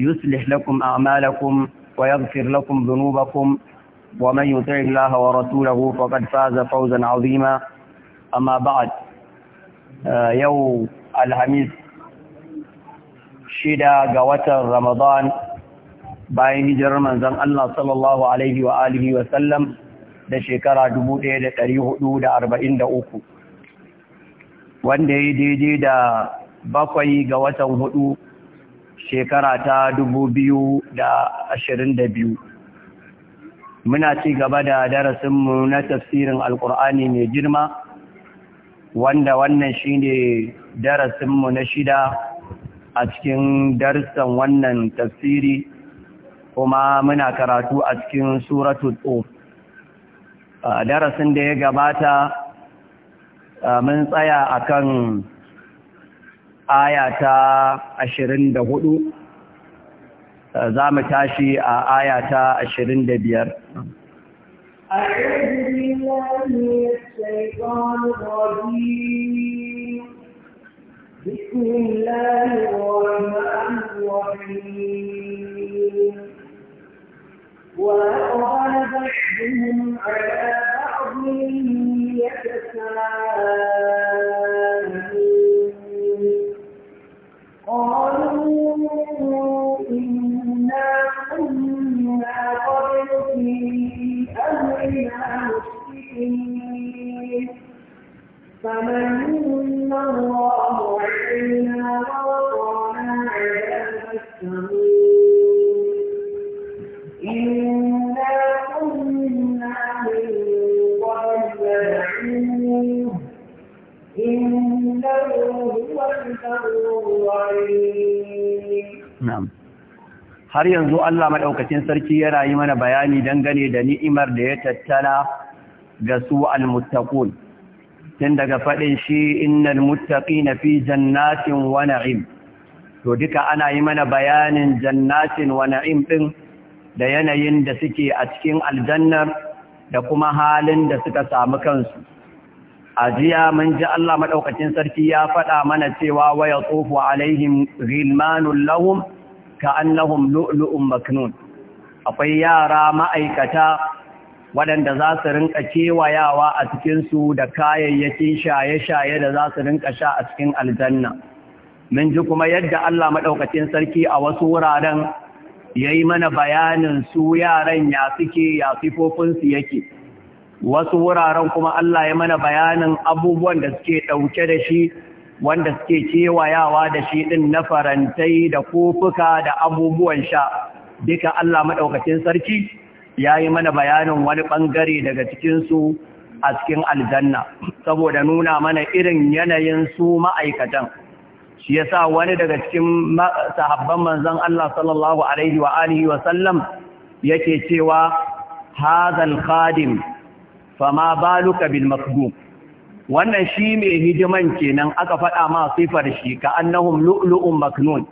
يصلح لكم أعمالكم ويغفر لكم ذنوبكم ومن يطع الله ورسوله فقد فاز فوزا عظيما أما بعد يوم الخميس shida ga watan Ramadan bayan hijirar manzon Allah sallallahu alaihi wa alihi wa sallam da shekara uku. wanda ya daidai da bakwai ga watan hudu shekara ta dubu biyu. da da ashirin biyu. muna ci gaba da darasinmu na tafsirin alkur'ani mai girma wanda wannan shine darasinmu na shida a cikin darsan wannan tafsiri kuma muna karatu a cikin suratul a darasin da ya gabata mun tsaya akan aya ta ashirin da hudu za mu tashi a aya ta ashirin da biyar أعوذ بالله من الشيطان الرجيم بسم الله وَمَا الرحيم وأقبل بعضهم على بعض يتساءلون قالوا إنا كنا قبل في أمرنا مشركين فمن الله علينا na'am har yanzu Allah madaukakin sarki ya rayi mana bayani dangane da ni'imar da ya tattala ga su al-muttaqun. tun daga fadin shi innal muttaqina fi jannatin wa na'im to duka ana yi mana bayanin jannatin wa na'im din da yanayin da suke a cikin aljannar da kuma halin da suka samu kansu a jiya mun ji Allah madaukakin sarki ya faɗa mana cewa waya tsofu alaihim ghilmanul lahum ka'annahum lu'lu'un maknun akwai yara ma'aikata waɗanda za su rinka kewayawa a cikinsu da kayayyakin shaye-shaye da za su rinka sha a cikin aljanna mun ji kuma yadda Allah maɗaukacin sarki a wasu wuraren ya yi mana bayanin su yaran ya suke ya su yake wasu wuraren kuma Allah ya mana bayanin abubuwan da suke ɗauke da shi wanda suke kewayawa da shi ɗin na farantai da kofuka da abubuwan sha duka Allah maɗaukacin sarki ya yi mana bayanin wani ɓangare daga cikinsu a cikin aljanna saboda nuna mana irin yanayin su ma'aikatan shi ya sa wani daga cikin sahabban manzan Allah sallallahu Alaihi wa yake cewa hazal khadim fama baluka bil makdum wannan shi mai hidiman kenan aka faɗa ma sifar shi ka annahum lu'lu'un maknun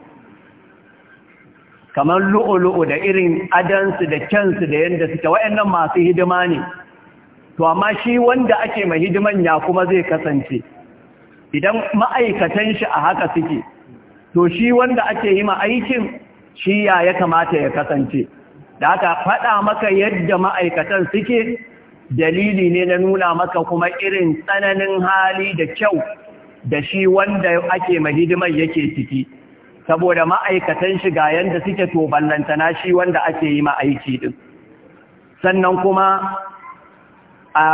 kamar lu'ulu'u da irin adansu da kyansu da yadda suke wayannan masu hidima ne to amma shi wanda ake mai hidiman ya kuma zai kasance idan ma'aikatan shi a haka suke to shi wanda ake yi aikin shi ya kamata ya kasance da haka faɗa maka yadda ma'aikatan suke dalili ne na nuna maka kuma irin tsananin hali da kyau da shi wanda ake mahidimai yake ciki saboda ma'aikatan shiga yanda suke to ballantana shi wanda ake yi ma'aiki din sannan kuma a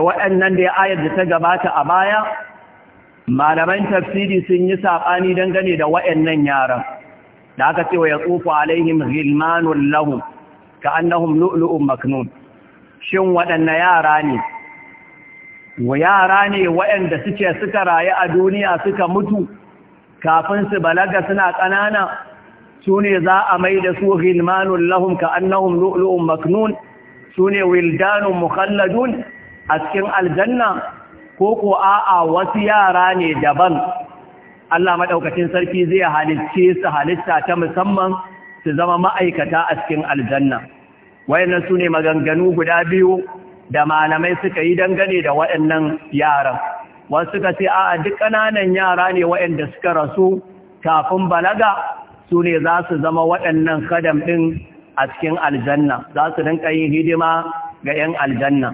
waɗannan da ya ayar da ta gabata a baya malaman tafsiri sun yi saɓani dangane da waɗannan yaran da aka ce ya tsofa alaihim ghilmanun lahum ka annahum lu'lu'un maknun shin waɗanne yara ne wa yara ne waɗanda suke suka rayu a duniya suka mutu kafin su balaga suna ƙanana su ne za a mai da su hilmanun lahum ka annahum lu'lu'un maknun su ne wildanun mukhalladun a cikin aljanna ko ko a'a wasu yara ne daban Allah maɗaukacin sarki zai halicce su halitta ta musamman su zama ma'aikata a cikin aljanna wayannan su ne maganganu guda biyu da malamai suka yi dangane da wayannan yaran wasu suka ce a'a duk ƙananan yara ne wayanda suka rasu kafin balaga su ne za su zama waɗannan kadam ɗin a cikin aljanna za su rinka yin hidima ga 'yan aljanna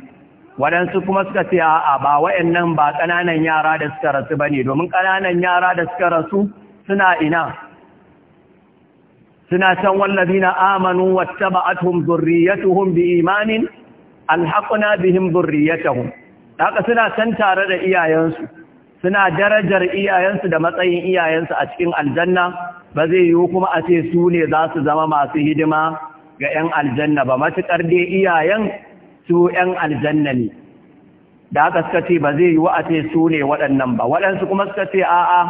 waɗansu kuma suka ce a ba wayannan ba ƙananan yara da suka rasu ba ne domin ƙananan yara da suka rasu suna ina suna can na amanu wattaba'atuhum dhurriyyatuhum biimanin alhaqna bihim dhurriyyatuhum haka suna can tare da iyayensu suna darajar iyayensu da matsayin iyayensu a cikin aljanna ba zai yiwu kuma a ce su ne za su zama masu hidima ga 'yan aljanna ba matuƙar dai iyayen su 'yan aljanna ne da aka suka ce ba zai yiwu a ce su ne waɗannan ba waɗansu kuma suka ce a'a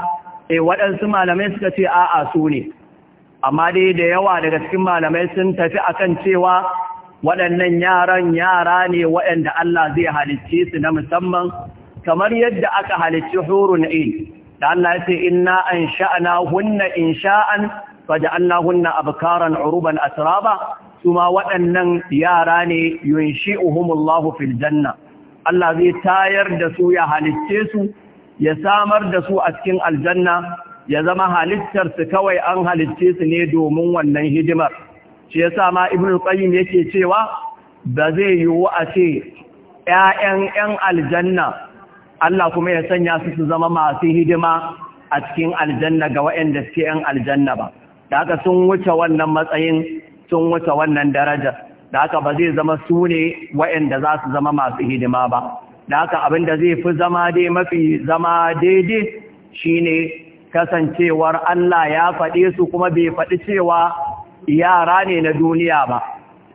eh waɗansu malamai suka ce a'a su ne amma dai da yawa daga cikin malamai sun tafi akan cewa waɗannan yaran yara ne waɗanda Allah zai halicce su na musamman kamar yadda aka halicci hurun ain da Allah ya ce inna an sha'ana hunna in sha'an faja'alna hunna abkaran uruban asraba suma waɗannan yara ne yunshi'uhumullahu fil janna Allah zai tayar da su ya halicce su ya samar da su a cikin aljanna ya zama halittar su kawai an halicce su ne domin wannan hidimar shi yasa ma ibnu qayyim yake cewa ba zai yiwu a ce ƴaƴan ƴan aljanna Allah kuma ya sanya su su zama masu hidima a cikin aljanna ga waɗanda suke ƴan aljanna ba da haka sun wuce wannan matsayin sun wuce wannan daraja da haka ba zai zama su ne waɗanda za su zama masu hidima ba da haka abin da zai fi zama dai mafi zama daidai shine kasancewar Allah ya faɗe su kuma bai faɗi cewa yara ne na duniya ba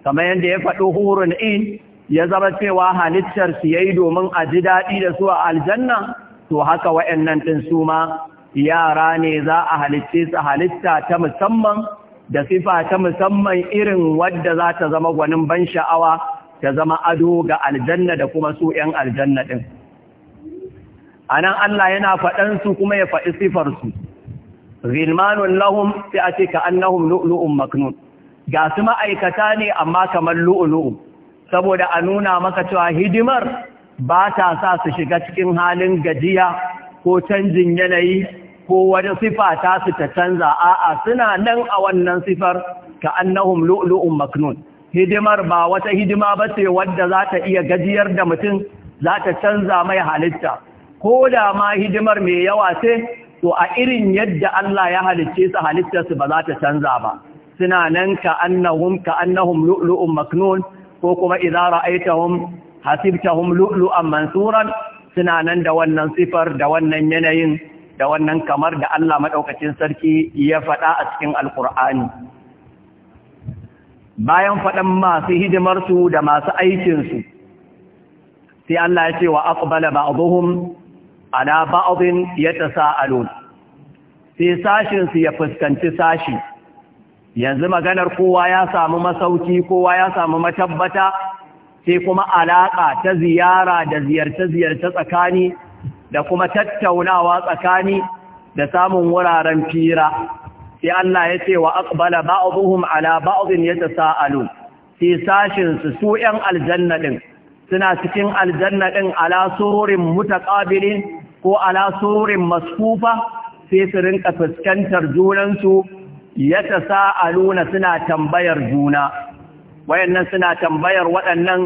kamar yadda ya faɗi hurun in ya zama cewa halittar su yayi domin a ji daɗi da su a aljanna to haka wa'annan ɗin su ma yara ne za a halicce su halitta ta musamman da sifa ta musamman irin wadda za ta zama gwanin ban sha'awa ta zama ado ga aljanna da kuma su 'yan aljanna ɗin. anan Allah yana faɗansu kuma ya faɗi sifarsu zilmanun lahum sai a ce ka annahum lu'lu'un maknun ga su ma'aikata ne amma kamar lu'lu'un saboda a nuna maka cewa hidimar ba ta sa su shiga cikin halin gajiya ko canjin yanayi ko wani sifa ta su ta canza a'a suna nan a wannan sifar ka annahum lu'lu'un maknun hidimar ba wata hidima ba ce wadda za ta iya gajiyar da mutum za ta canza mai halitta ko da ma hidimar mai yawa ce to a irin yadda Allah ya halicce su su ba za ta canza ba suna nan ka annahum ka annahum lu'lu'un maknun ko kuma idza ra'aytahum hasibtahum lu'lu'an mansuran suna nan da wannan sifar da wannan yanayin da wannan kamar da Allah maɗaukacin sarki ya faɗa a cikin alqur'ani bayan faɗan masu hidimarsu da masu aikinsu sai Allah ya ce wa aqbala ba'dhum ala ba'dhin yatasaalun sai sashin ya fuskanci sashi yanzu maganar kowa ya samu masauki kowa ya samu matabbata sai kuma alaƙa ta ziyara da ziyarce-ziyarce tsakani da kuma tattaunawa tsakani da samun wuraren fira sai Allah ya ce wa aqbala ba'dhum ala ba'dhin yatasaalun sai sashin su 'yan aljanna din suna cikin aljanna din ala sururin mutaqabilin ko ala surin masfufa sai su rinka fuskantar junansu ya ta sa'aluna suna tambayar juna wayannan suna tambayar waɗannan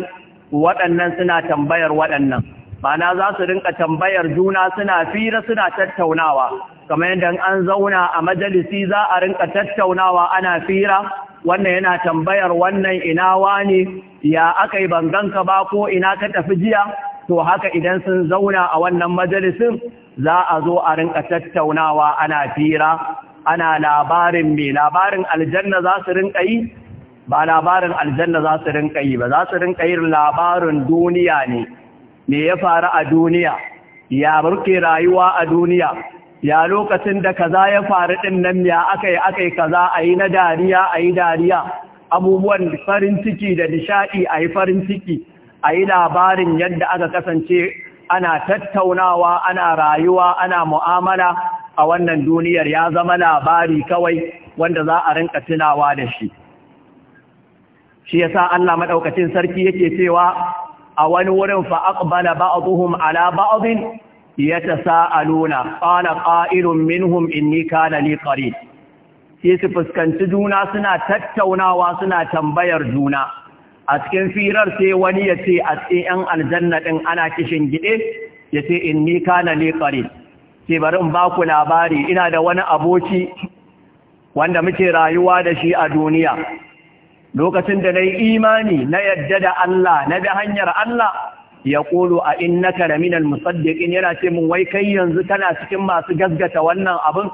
waɗannan suna tambayar waɗannan mana za su rinka tambayar juna suna fira suna tattaunawa kamar yadda an zauna a majalisi za a rinka tattaunawa ana fira wannan yana tambayar wannan ina wani ya aka yi banganka ba ko ina ka tafi jiya to haka idan sun zauna a wannan majalisin za a zo a rinka tattaunawa ana fira ana labarin me. labarin aljanna za su rinka yi ba labarin aljanna za su rinka yi ba za su rinka yin labarin duniya ne me ya faru a duniya ya burke rayuwa a duniya ya lokacin da kaza ya faru din nan ya akai akai kaza ayi na dariya ayi dariya abubuwan farin ciki da nishadi ayi farin ciki a yi labarin yadda aka kasance ana tattaunawa ana rayuwa ana mu'amala a wannan duniyar ya zama labari kawai wanda za a rinka tunawa da shi shi yasa Allah maɗaukacin sarki yake cewa a wani wurin fa aqbala ba'dhum ala a nuna, qala qa'ilun minhum inni kana li qarin sai su fuskanci juna suna tattaunawa suna tambayar juna a cikin firar sai wani ya ce a cikin ‘yan aljanna ɗin ana kishin gide ya ce in ni kana ne ƙari ce bari in ba ku labari ina da wani aboki wanda muke rayuwa da shi a duniya lokacin da na yi imani na yadda da Allah na bi hanyar Allah ya ƙolo a innaka karaminan minal yana ce mun wai kai yanzu tana cikin masu gasgata wannan abin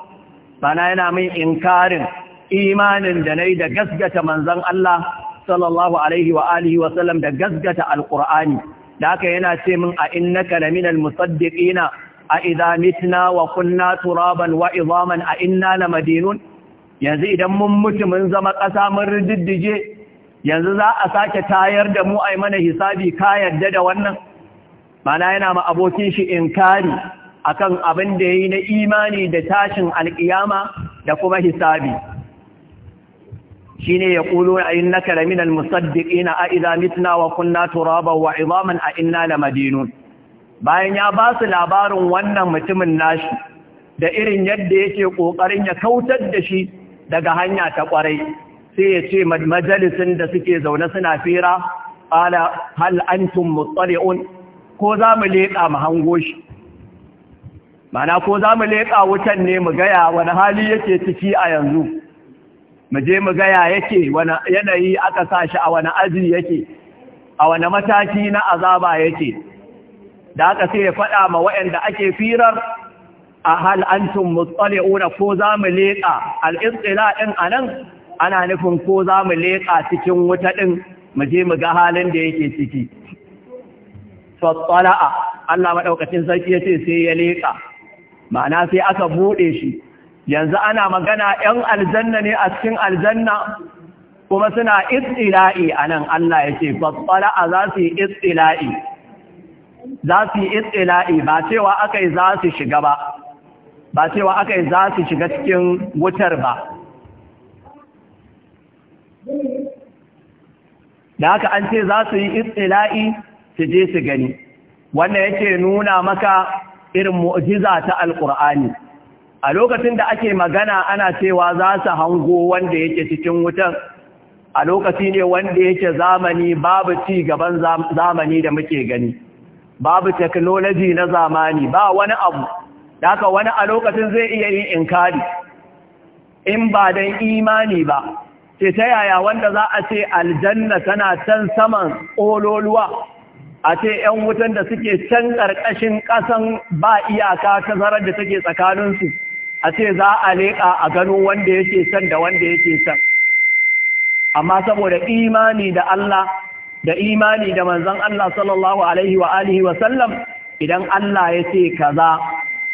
bana yana min inkarin imanin da na yi da gasgata manzan Allah sallallahu alaihi wa alihi wa sallam da gasgata alqur'ani da haka yana ce min a innaka laminal musaddiqina a idza mitna wa kunna turaban wa idhaman a inna lamadinun yanzu idan mun mutu mun zama ƙasa mun riddige yanzu za a sake tayar da mu ai mana hisabi ka yadda da wannan mana yana ma abokin shi inkari akan abin da yayi na imani da tashin alƙiyama da kuma hisabi Shi ne ya shine yaquluna innaka laminal musaddiqina a idza mitna wa kunna turaba wa izaman a inna madinu bayan ya ba su labarin wannan mutumin nashi da irin yadda yake ƙoƙarin ya kautar da shi daga hanya ta ƙwarai, sai ya ce majalisun da suke zaune suna fira ala hal antum mutsari'un ko za mu leƙa mu hango shi mana ko za mu leƙa wutan ne mu gaya wani hali yake ciki a yanzu mu je mu gaya yake wani yanayi aka sa shi a wani aji yake a wani mataki na azaba yake da aka sai ya faɗa ma waɗanda ake firar a hal mutsale una ko za mu leƙa al'istila ɗin a nan ana nufin ko za mu leƙa cikin wuta ɗin mu je mu ga halin da yake ciki fatsala'a Allah maɗaukacin sarki ya ce sai ya leƙa ma'ana sai aka buɗe shi yanzu ana magana ‘yan aljanna ne a cikin aljanna kuma suna itsila'i a nan Allah ya ce fasfala a za su yi itsila'i, za su yi itsila’i ba cewa aka yi za su shiga ba ba cewa aka yi za su shiga cikin wutar ba da haka an ce za su yi itsila'i, su je su gani wannan yake nuna maka irin mu'jiza ta alƙur'ani a lokacin da ake magana ana cewa za su hango wanda yake cikin wutan a lokaci ne wanda yake zamani babu ci gaban zamani da muke gani babu technology na zamani ba wani abu da wani a lokacin zai iya yin inkari in ba don imani ba ce ta yaya wanda za a ce aljanna tana can saman ƙololuwa a ce 'yan wutan da suke can ƙarƙashin ƙasan ba iyaka ta zarar da take tsakaninsu a ce za a leƙa a gano wanda yake son da wanda yake son amma saboda imani da Allah da imani da manzon Allah sallallahu alaihi wa alihi wa sallam idan Allah ya ce kaza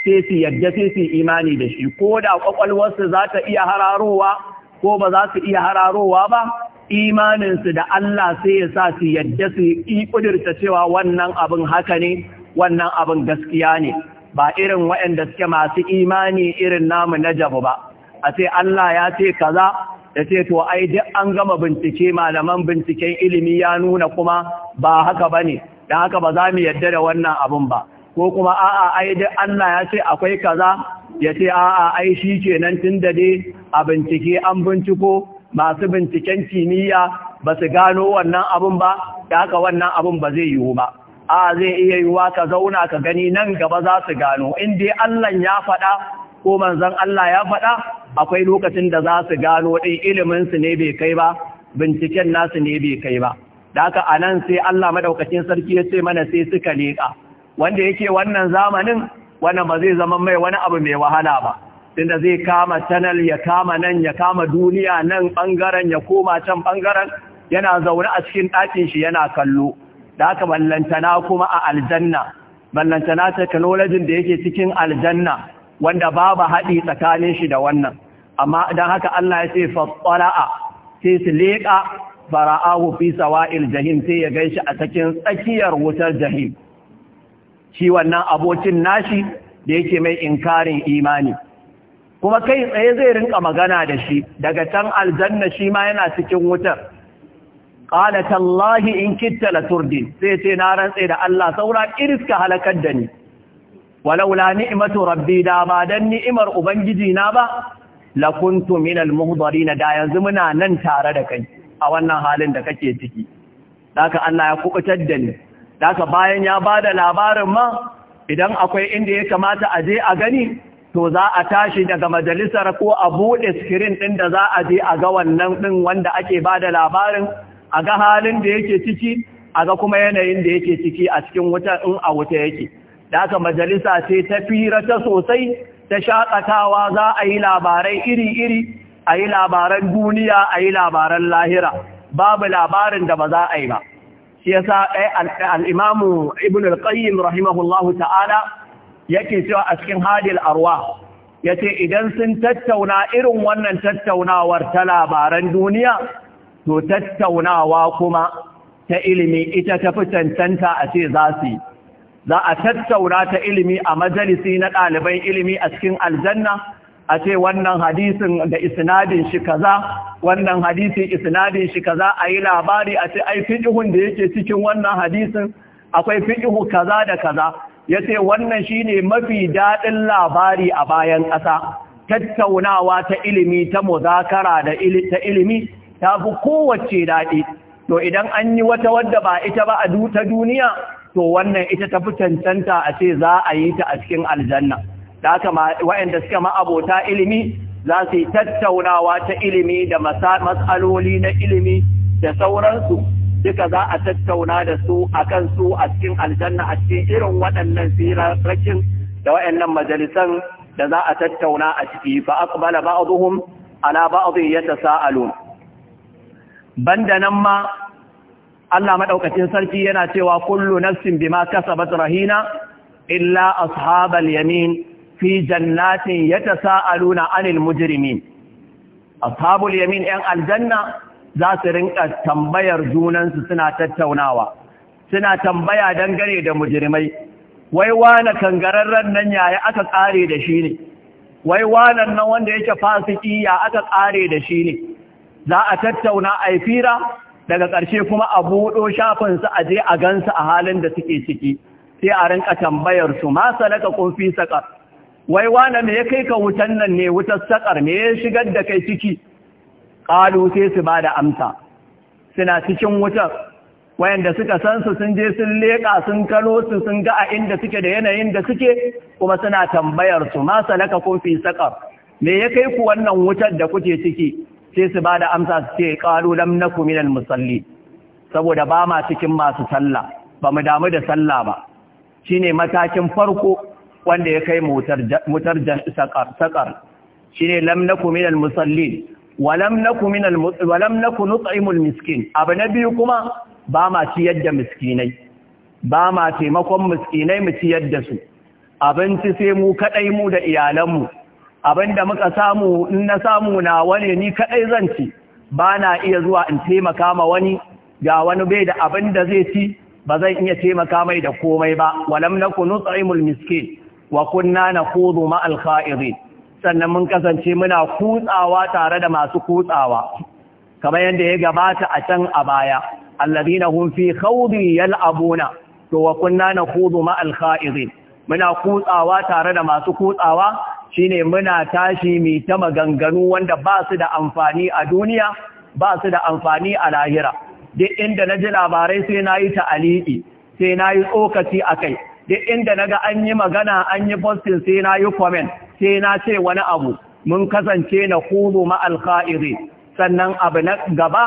sai su yadda sai su imani da shi ko da kwakwalwarsu za ta iya hararowa ko ba za su iya hararowa ba imaninsu da Allah sai ya sa su yadda su yi ƙudurta cewa wannan abin haka ne wannan abin gaskiya ne ba irin waɗanda suke masu imani irin namu na jabu ba a ce Allah ya ce kaza ya ce to ai duk an gama bincike malaman binciken ilimi ya nuna kuma ba haka ba ne. Da haka ba za mu yadda da wannan abin ba ko kuma a'a ai duk Allah ya ce akwai kaza ya ce a'a ai shi nan tun da dai a bincike an binciko masu binciken kimiyya ba su gano wannan abin ba da haka wannan abin ba zai yiwu ba a zai iya yiwa ka zauna ka gani nan gaba za su gano in dai Allah ya faɗa ko manzon Allah ya faɗa akwai lokacin da za su gano ɗin ilimin su ne bai kai ba binciken nasu ne bai kai ba da haka nan sai Allah madaukakin sarki ya ce mana sai suka leƙa wanda yake wannan zamanin wannan ba zai zama mai wani abu mai wahala ba tunda zai kama channel ya kama nan ya kama duniya nan bangaren ya koma can bangaren yana zaune a cikin ɗakin shi yana kallo da aka ballantana kuma a aljanna ballantana teknolojin da yake cikin aljanna wanda babu haɗi tsakanin shi da wannan amma don haka Allah ya ce fatsala'a sai su leƙa fara'ahu fi sawa'il jahim sai ya gaishe a cikin tsakiyar wutar jahim shi wannan abokin nashi da yake mai inkarin imani kuma kai tsaye zai rinka magana da shi daga can aljanna shi ma yana cikin wutar Ƙalatallahi tallahi in kitta la turdi sai ce na rantse da Allah saura iriska halakar da ni walaula ni'matu rabbi da ba dan ni'imar ubangiji na ba la kuntu minal muhdarin da yanzu muna nan tare da kai a wannan halin da kake ciki daka Allah ya kubutar da ni daka bayan ya bada labarin ma idan akwai inda ya kamata a je a gani to za a tashi daga majalisar ko a buɗe skirin ɗin da za a je a ga wannan ɗin wanda ake bada labarin a ga halin da yake ciki a ga kuma yanayin da yake ciki a cikin wuta in a wuta yake da haka majalisa sai ta fira ta sosai ta shaƙatawa za a yi labarai iri-iri a yi labaran duniya a yi labaran lahira babu labarin da ba za a yi ba shi yasa eh, al'imamu ibn al-qayyim rahimahullahu ta'ala yake cewa a cikin hadil arwa ya ce idan sun tattauna irin wannan tattaunawar ta labaran duniya to tattaunawa kuma ta ilimi ita ta fi cancanta a ce za su za a tattauna ta ilimi a majalisi na ɗaliban ilimi a cikin aljanna a ce wannan hadisin da isnadin shi kaza wannan hadisin isnadin shi kaza a yi labari a ce ai fiƙihun da yake cikin wannan hadisin akwai fiƙihu kaza da kaza ya ce wannan shi ne mafi daɗin labari a bayan ƙasa tattaunawa ta ilimi ta muzakara da ta ilimi ta fi kowace daɗi to idan an yi wata wadda ba ita ba a duta duniya to wannan ita ta fi cancanta a ce za a yi ta a cikin aljanna da haka waɗanda suka ma'abota ilimi za su yi tattaunawa ta ilimi da matsaloli na ilimi da sauransu duka za a tattauna da su a kan su a cikin aljanna a cikin irin waɗannan firarrakin da waɗannan majalisan da za a tattauna a ciki ba aqbala ba'dhum ala ba'd yatasaalun banda nan ma Allah madaukakin sarki yana cewa kullu nafsin bima kasabat rahina illa ashabal yamin fi jannatin yatasaaluna anil mujrimin ashabul yamin yan aljanna za su rinka tambayar junansu suna tattaunawa suna tambaya dangane da mujrimai wai wane kangararren nan yaya aka kare da shi ne wai wane nan wanda yake fasiki ya aka kare da shi ne za a tattauna a yi fira daga ƙarshe kuma a buɗo shafinsu a je a gansu a halin da suke ciki sai a rinka tambayar su ma salaka kun fi saƙar wai wane me ya kai ka wutan nan ne wutar saƙar me ya shigar da kai ciki ƙalu sai su ba da amsa suna cikin wutar wayanda suka san su sun je sun leƙa sun kano su sun ga a inda suke da yanayin da suke kuma suna tambayar su ma salaka kun fi saƙar me ya kai ku wannan wutar da kuke ciki sai su ba da amsa su ce ƙaru lam na kuminan musalli saboda ba ma cikin masu sallah ba mu damu da sallah ba Shi ne matakin farko wanda ya kai mutar motar sakar sakar shine lam na kuminan musalli wa lam naku miskin abu na biyu kuma ba ma ciyar yadda miskinai ba ma taimakon miskinai mu ci yadda su abinci sai mu kaɗai mu da iyalanmu abinda muka samu in na samu na ne ni kadai zan ci ba na iya zuwa in taimaka ma wani ga wani bai da abin da zai ci ba zan iya taimaka mai da komai ba walam kunu nut'imul miskin wa kunna nakhudhu ma'al kha'irin sannan mun kasance muna kutsawa tare da masu kutsawa kamar yadda ya gabata a can a baya alladhina hum fi khawdi yal'abuna to wa kunna nakhudhu ma'al kha'irin muna kutsawa tare da masu kutsawa shine muna tashi mai ta maganganu wanda ba su da amfani a duniya ba su da amfani a lahira duk inda na ji labarai sai na yi ta'aliki sai na yi tsokaci a kai duk inda na ga an yi magana an yi postin sai na yi comment sai na ce wani abu mun kasance na kudu ma'alka'iri sannan abu na gaba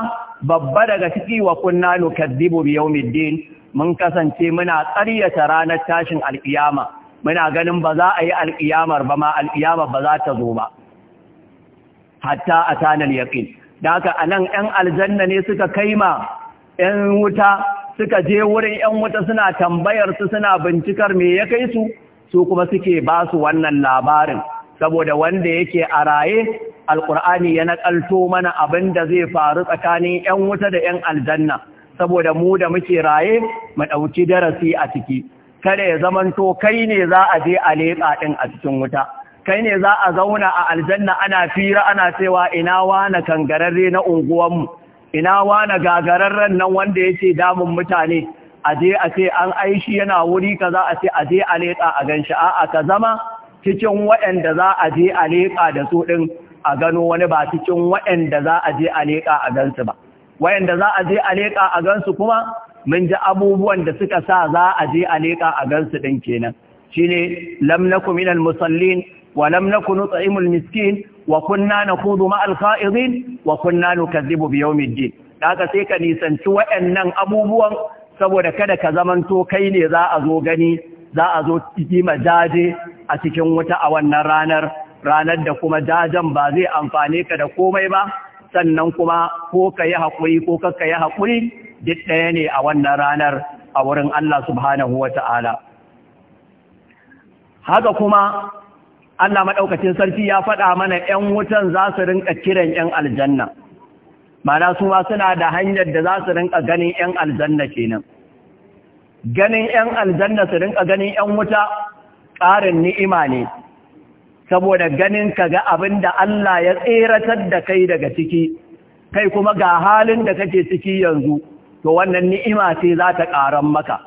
babba daga ciki wa kunna nukaddibu biyaumiddin mun kasance muna tsaryata ranar tashin alkiyama muna ganin ba za a yi alƙiyamar ba ma alƙiyamar ba za ta zo ba hatta a tanar yaƙin da haka a nan 'yan aljanna ne suka ma 'yan wuta suka je wurin 'yan wuta suna tambayar su suna bincikar me ya kai su su kuma suke ba su wannan labarin saboda wanda yake a raye alƙur'ani ya naƙalto mana abin da zai faru tsakanin 'yan wuta da 'yan aljanna saboda mu da muke raye mu ɗauki darasi a ciki kada ya zamanto kai ne za a je a leƙa ɗin a cikin wuta kai ne za a zauna a aljanna ana fira ana cewa ina na kangararre na unguwanmu ina wana gagararren nan wanda ya ce damun mutane a je a ce an aishi yana wuri kaza a ce a je a leƙa a gan a'a ka zama cikin waɗanda za a je a leƙa da su ɗin a gano wani ba cikin waɗanda za a je a leƙa a gansu ba waɗanda za a je a leƙa a gansu kuma mun ji abubuwan da suka sa za a je a leƙa a gansu ɗin kenan shine ne, naku minal musallin wa lam naku miskin wa kunna nakhudu ma'al kha'idin wa kunna nukazzibu bi yawmiddin haka sai ka nisanci waɗannan abubuwan saboda kada ka zamanto kai ne za a zo gani za a zo ciki majaje a cikin wuta a wannan ranar ranar da kuma jajen ba zai amfane ka da komai ba sannan kuma ko ka yi haƙuri ko kakka yi haƙuri duk ɗaya ne a wannan ranar a wurin Allah subhanahu wa ta'ala. Haka kuma Allah maɗaukacin sarki ya faɗa mana ‘yan wutan za su rinka kiran ‘yan aljanna, mana su ma suna da hanyar da za su rinka ganin ‘yan aljanna kenan. Ganin ‘yan aljanna su rinka ganin ‘yan wuta ƙarin ni'ima ne, saboda ganin ka ga abin da Allah ya tseratar da kai daga ciki, kai kuma ga halin da kake ciki yanzu. to wannan ni'ima ce za ta ƙaran maka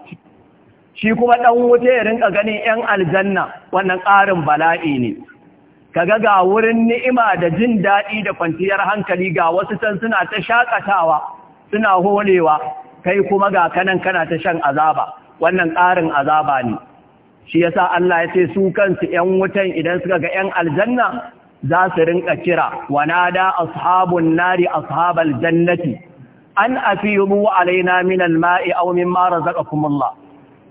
shi kuma ɗan wuta ya rinka ganin 'yan aljanna wannan ƙarin bala'i ne Ka ga ga wurin ni'ima da jin daɗi da kwanciyar hankali ga wasu can suna ta shakatawa suna holewa kai kuma ga kanan kana ta shan azaba wannan ƙarin azaba ne shi yasa Allah ya ce su kansu 'yan wutan idan suka ga 'yan aljanna za su rinka kira wanada ashabun nari ashabal jannati an afiyu alaina min aumin mara mimma razaqakumullah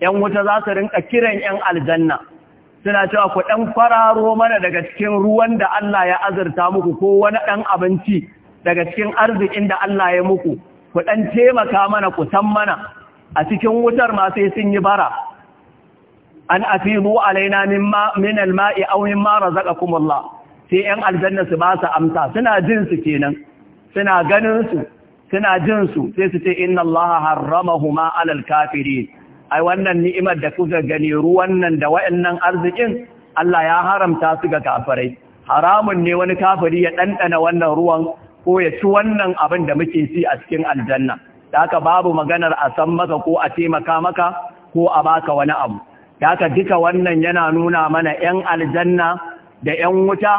yan wuta za su rinka kiran yan aljanna suna cewa ku ɗan fararo mana daga cikin ruwan da Allah ya azurta muku ko wani ɗan abinci daga cikin arzikin da Allah ya muku ku ɗan taimaka mana ku san mana a cikin wutar ma sai sun yi bara an afiyu alaina mimma min aumin mara mimma razaqakumullah sai yan aljanna su ba su amsa suna jinsu kenan suna ganin su suna jin su sai su ce inna allaha harramahuma alal kafiri'! ai wannan ni'imar da kuka gani ruwan nan da wayannan arzikin Allah ya haramta su ga kafirai haramun ne wani kafiri ya ɗanɗana wannan ruwan ko ya ci wannan abin da muke ci a cikin aljanna da haka babu maganar a san maka ko a taimaka maka ko a baka wani abu da haka duka wannan yana nuna mana 'yan aljanna da 'yan wuta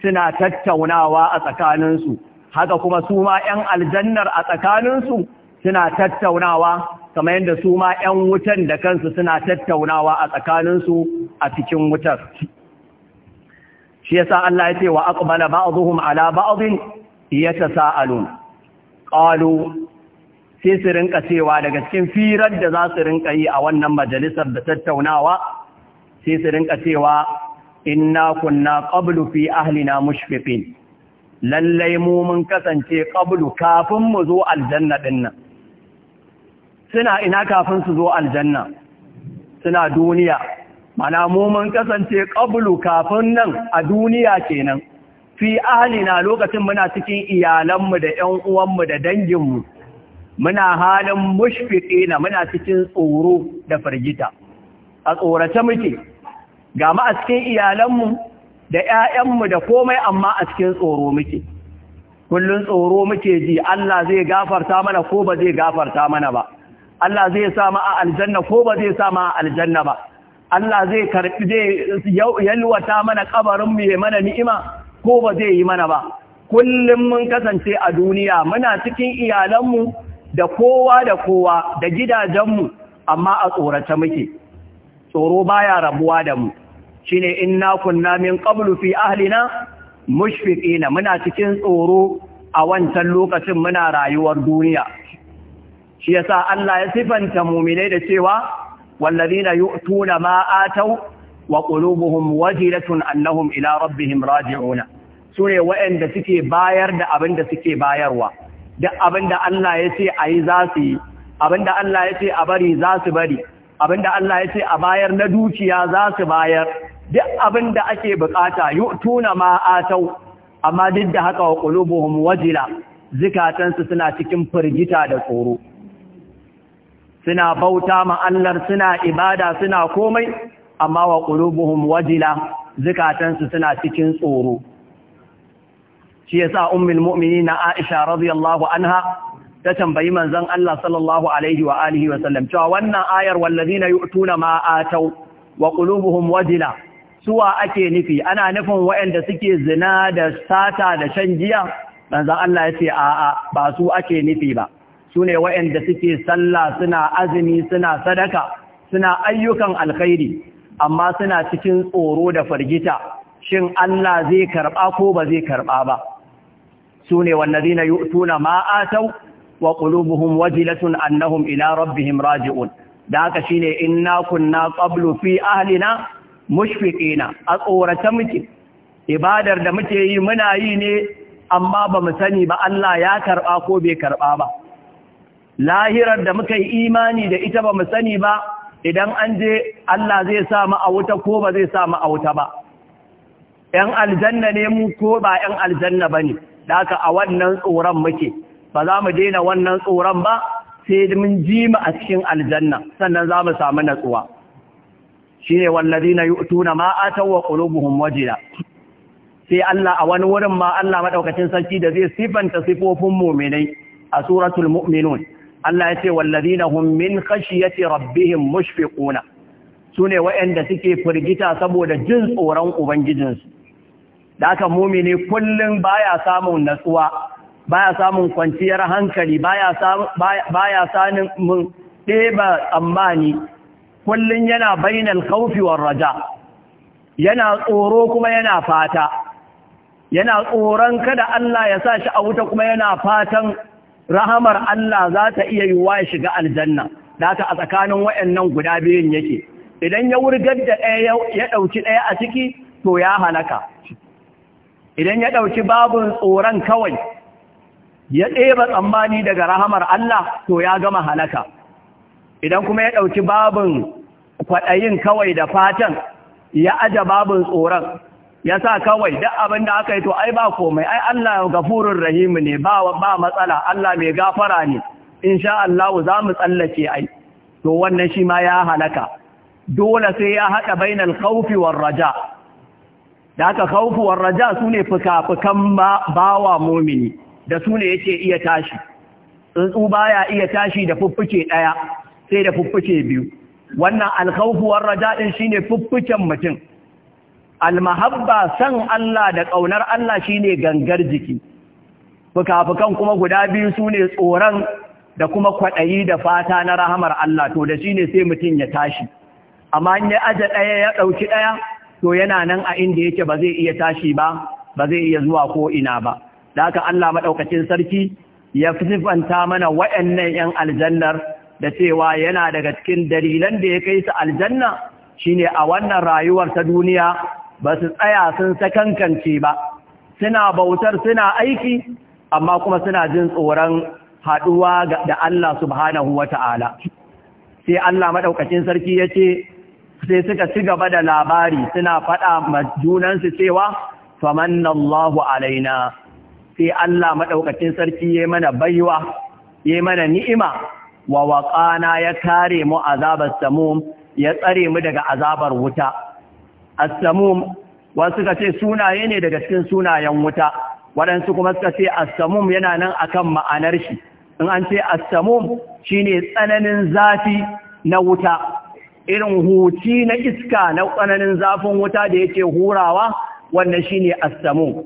suna tattaunawa a tsakaninsu haka kuma su ma ‘yan aljannar a tsakaninsu suna tattaunawa kamar yadda su ma ‘yan wutan da kansu suna tattaunawa a tsakaninsu a cikin wutar. Shi yasa Allah ya ce wa aqbala ba'dhum ala ba'dhin yatasaalun qalu sai su rinka cewa daga cikin firar da za su rinka yi a wannan majalisar da tattaunawa sai su rinka cewa inna kunna qablu fi ahlina mushfiqin lallai mu mun kasance qablu kafin mu zo aljanna din nan suna ina kafin su zo aljanna suna duniya mana mu mun kasance qablu kafin nan a duniya kenan fi na lokacin muna cikin iyalanmu da ƴan uwanmu da danginmu muna halin na muna cikin tsoro da firgita a tsorace muke ga ma a cikin iyalanmu da ‘ya'yanmu da komai amma a cikin tsoro muke kullum tsoro muke ji Allah zai gafarta mana ko ba zai gafarta mana ba Allah zai sa a aljanna ko ba zai sa a aljanna ba Allah zai karbi zai yalwata mana kabarin mu ya mana ni'ima ko ba zai yi mana ba kullum mun kasance a duniya muna cikin iyalanmu da kowa da kowa da gidajenmu amma a tsorace muke tsoro baya rabuwa da mu shine inna kunna min qablu fi ahlina mushfiƙina. muna cikin tsoro a wancan lokacin muna rayuwar duniya shi yasa Allah ya sifanta mu'minai da cewa wallazina yu'tuna ma atau wa qulubuhum wajilatun annahum ila rabbihim raji'una sune waɗanda suke bayar da abin da suke bayarwa duk abin da Allah ya ce ayi za su yi abin da Allah ya ce a bari za su bari abin da Allah ya ce a bayar na dukiya za su bayar duk abin da ake bukata yu'tuna ma atau amma duk da haka wa qulubuhum wajila zikatansu suna cikin firgita da tsoro suna bauta ma Allah suna ibada suna komai amma wa qulubuhum wajila zikatansu suna cikin tsoro shi yasa ummul na Aisha radiyallahu anha ta tambayi manzon Allah sallallahu alaihi wa alihi wa cewa wannan ayar wallazina yu'tuna ma wa qulubuhum wajila suwa ake nufi ana nufin waɗanda suke zina da sata da shan giya manzon Allah ya ce a'a ba su ake nufi ba su ne waɗanda suke sallah suna azumi suna sadaka suna ayyukan alkhairi amma suna cikin tsoro da firgita. shin Allah zai karɓa ko ba zai karɓa ba su ne wallazina yu'tuna ma ataw wa qulubuhum wajilatun annahum ila rabbihim raji'un da haka shine inna kunna qablu fi ahlina mushfiqina a tsorata muke ibadar da muke yi muna yi ne amma ba mu sani ba Allah ya karba ko bai karba ba lahirar da muka yi imani da ita ba mu sani ba idan an je Allah zai sa mu a wuta ko ba zai sa mu a wuta ba ‘yan aljanna ne mu ko ba ‘yan aljanna ba ne, da a wannan tsoron muke, ba za mu daina wannan tsoron ba sai mun ji mu a cikin aljanna sannan za mu samu natsuwa. Shi ne shine yi tuna ma a wa ƙulubuhun wajila sai Allah a wani wurin ma Allah maɗaukacin sarki da zai sifanta sifofin mu'minai a suratul mu'minun Allah ya ce wallazina hum min khashyati mushfiƙuna. mushfiquna ne wayanda suke firgita saboda jin tsoron ubangijinsu da aka mu'mini ba baya samun natsuwa baya samun kwanciyar hankali baya samun mun ɗeba tsammani Kullum yana bainal kaufiwar war raja yana tsoro kuma yana fata yana tsoron kada Allah ya sa shi a wuta kuma yana fatan rahamar Allah za ta iya yiwa ya shiga aljanna da haka a tsakanin wayannan guda biyun yake idan ya wurgar da ɗaya ya ɗauki ɗaya a ciki to ya halaka idan ya ɗauki babun tsoron kawai ya ɗeba tsammani daga rahamar Allah to ya gama halaka idan kuma ya ɗauki babin kwaɗayin kawai da fatan ya aja babin tsoron ya sa kawai duk abin da aka yi to ai ba komai ai Allah gafurin rahimu ne ba ba matsala Allah mai gafara ne insha Allah za mu tsallake ai to wannan shi ma ya halaka dole sai ya haɗa bainal khawfi war raja da aka khawfu war raja sune fukafukan bawa mumini da su ne yake iya tashi tsuntsu baya iya tashi da fuffuke ɗaya. sai da fuffuke biyu wannan war raja'in shine fuffuken mutum almahabba san Allah da ƙaunar Allah shine gangar jiki fukafukan kuma guda biyu sune tsoron da kuma kwaɗayi da fata na rahamar Allah to da shine sai mutum ya tashi amma in ya aje ɗaya ya ɗauki ɗaya to yana nan a inda yake ba zai iya tashi ba ba zai iya zuwa ko ina ba da haka Allah madaukakin sarki ya sifanta mana waɗannan 'yan aljannar da cewa yana daga cikin dalilan da ya kai su aljanna shine a wannan rayuwar ta duniya ba su tsaya sun sakankance ba suna bautar suna aiki amma kuma suna jin tsoron haɗuwa da Allah subhanahu ta'ala). sai Allah maɗaukacin sarki ya ce sai suka ci gaba da labari suna faɗa ma junansu cewa famanna Allahu alaina sai Allah maɗaukacin sarki ya mana baiwa ya mana ni'ima wa waƙana ya kare mu azabar samum ya tsare mu daga azabar wuta as-samum wasu suka ce sunaye ne daga cikin sunayen wuta waɗansu kuma suka ce as yana nan akan ma'anar shi in an ce as-samum shine tsananin zafi na wuta irin huci na iska na tsananin zafin wuta da yake hurawa wannan shine as-samum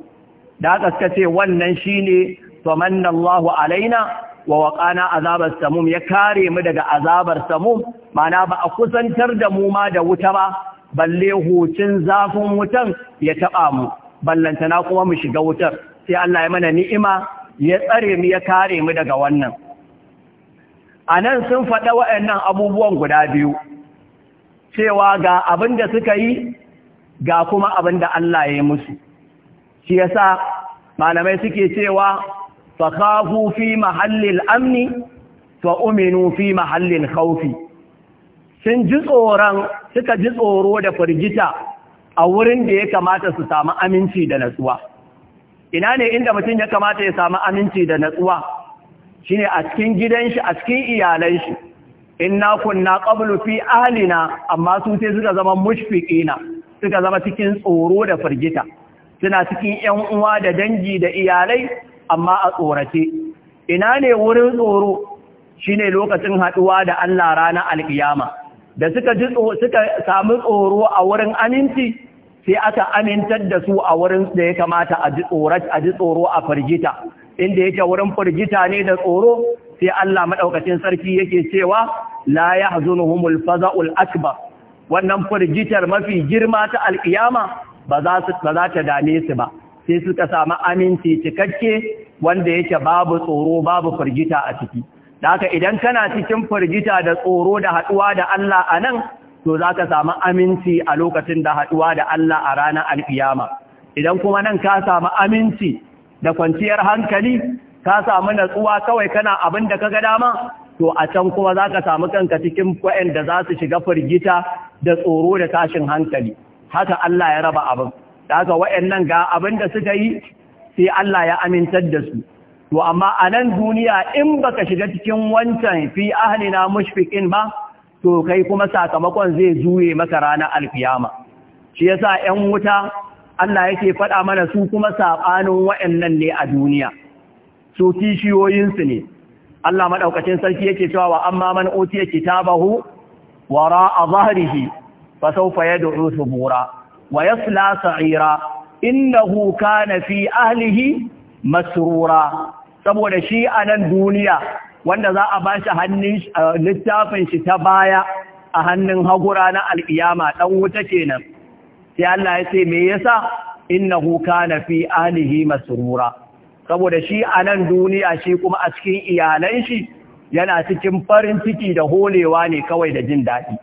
da aka ce wannan shine famanallahu alaina wa waƙana azabar samum ya kare mu daga azabar samum mana ba a kusantar da mu ma da wuta ba balle hucin zafin wutan ya taɓa mu ballantana kuma mu shiga wutar sai Allah ya mana ni'ima ya tsare mu ya kare mu daga wannan Anan sun faɗa waɗannan abubuwan guda biyu cewa ga abin da suka yi ga kuma abin da Allah ya yi musu shi yasa malamai suke cewa فخافوا في amni, fa فأمنوا في محل الخوف sun ji tsoron suka ji tsoro da firgita a wurin da ya kamata su samu aminci da natsuwa ina ne inda mutum ya kamata ya samu aminci da natsuwa shine a cikin gidanshi a cikin iyalanshi inna kunna qablu fi ahlina amma su sai suka zama mushfiqina suka zama cikin tsoro da firgita suna cikin ƴan uwa da dangi da iyalai amma a tsorace ina ne wurin tsoro shine lokacin haɗuwa da Allah rana alkiyama da suka sami tsoro a wurin aminci sai aka amintar da su a wurin da ya kamata a ji tsoro a firgita inda yake wurin firgita ne da tsoro sai Allah madaukakin sarki yake cewa la yahzunuhumul faza'ul akbar wannan firgitar mafi girma ta alkiyama ba za ta dame su ba sai suka samu aminci cikakke wanda yake babu tsoro babu firgita a ciki da haka idan kana cikin firgita da tsoro da haɗuwa da Allah a nan to za ka samu aminci a lokacin da haɗuwa da Allah a ranar alkiyama idan kuma nan ka samu aminci da kwanciyar hankali ka samu natsuwa kawai kana abin da ka ga dama to a can kuma za ka samu kanka cikin waɗanda za su shiga firgita da tsoro da tashin hankali haka Allah ya raba abin da haka ga abin da suka yi sai Allah ya amintar da su to amma a nan duniya in baka shiga cikin wancan fi na mushfikin ba to kai kuma sakamakon zai juye maka ranar alfiyama. shi ya sa 'yan wuta Allah yake faɗa mana su kuma saɓanin nan ne a duniya su kishiyoyinsu ne Allah maɗaukacin sarki yake cewa wa amma man utiya kitabahu wara a zahrihi fa sawfa yad'u subura wa yasla sa'ira innahu kana fi ahlihi masrura saboda shi a nan duniya wanda za a bashi hannun littafin shi ta baya a hannun hagura na al'iyama dan wuta kenan sai Allah ya ce me yasa innahu kana fi ahlihi masrura saboda shi a nan duniya shi kuma a cikin iyalan shi yana cikin farin ciki da holewa ne kawai da jin daɗi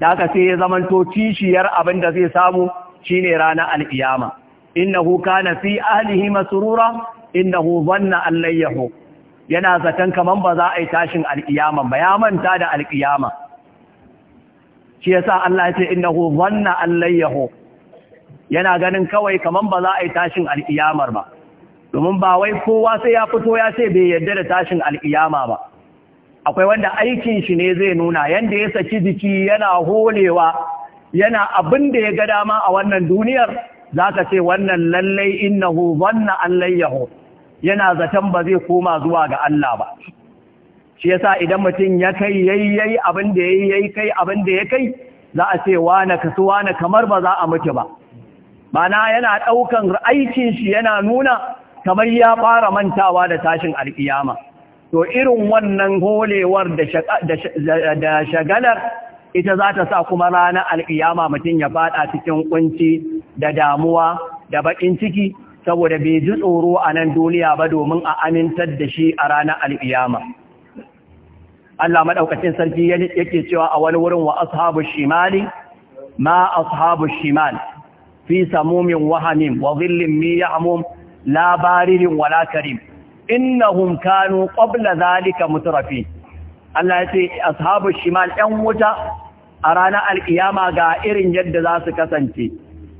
da aka sai ya zamanto kishiyar abin da zai samu shine ranar al'iyama innahu kana fi ahlihi masrura innahu dhanna an yana zaton kaman ba za a yi tashin al'iyama ba ya manta da al'iyama shi yasa Allah ya ce innahu dhanna an yana ganin kawai kamar ba za a yi tashin al'iyamar ba domin ba wai kowa sai ya fito ya ce bai yarda da tashin al'iyama ba akwai wanda aikin shi ne zai nuna yanda ya saki jiki yana holewa yana abin da ya ga dama a wannan duniyar zaka ce wannan lallai innahu dhanna an layyahu yana zaton ba zai koma zuwa ga Allah ba shi yasa idan mutum ya kai yayi abin da yayi yayi kai abin da ya kai za a ce na kasu na kamar ba za a mutu ba mana yana daukan aikin shi yana nuna kamar ya fara mantawa da tashin alkiyama to irin wannan holewar da shagalar ita za ta sa kuma ranar al'iyama mutum ya fada cikin kunci da damuwa da bakin ciki saboda bai ji tsoro a nan duniya ba domin a amintar da shi a ranar al'iyama. Allah maɗaukacin sarki yake cewa a wani wurin wa ashabu shimali ma ashabu shimal fi samumin wahamin wa zillin mi ya'mum wala karim innahum kanu qabla zalika mutrafi Allah ya ce ashabu shimal yan wuta a ranar alkiyama ga irin yadda za su kasance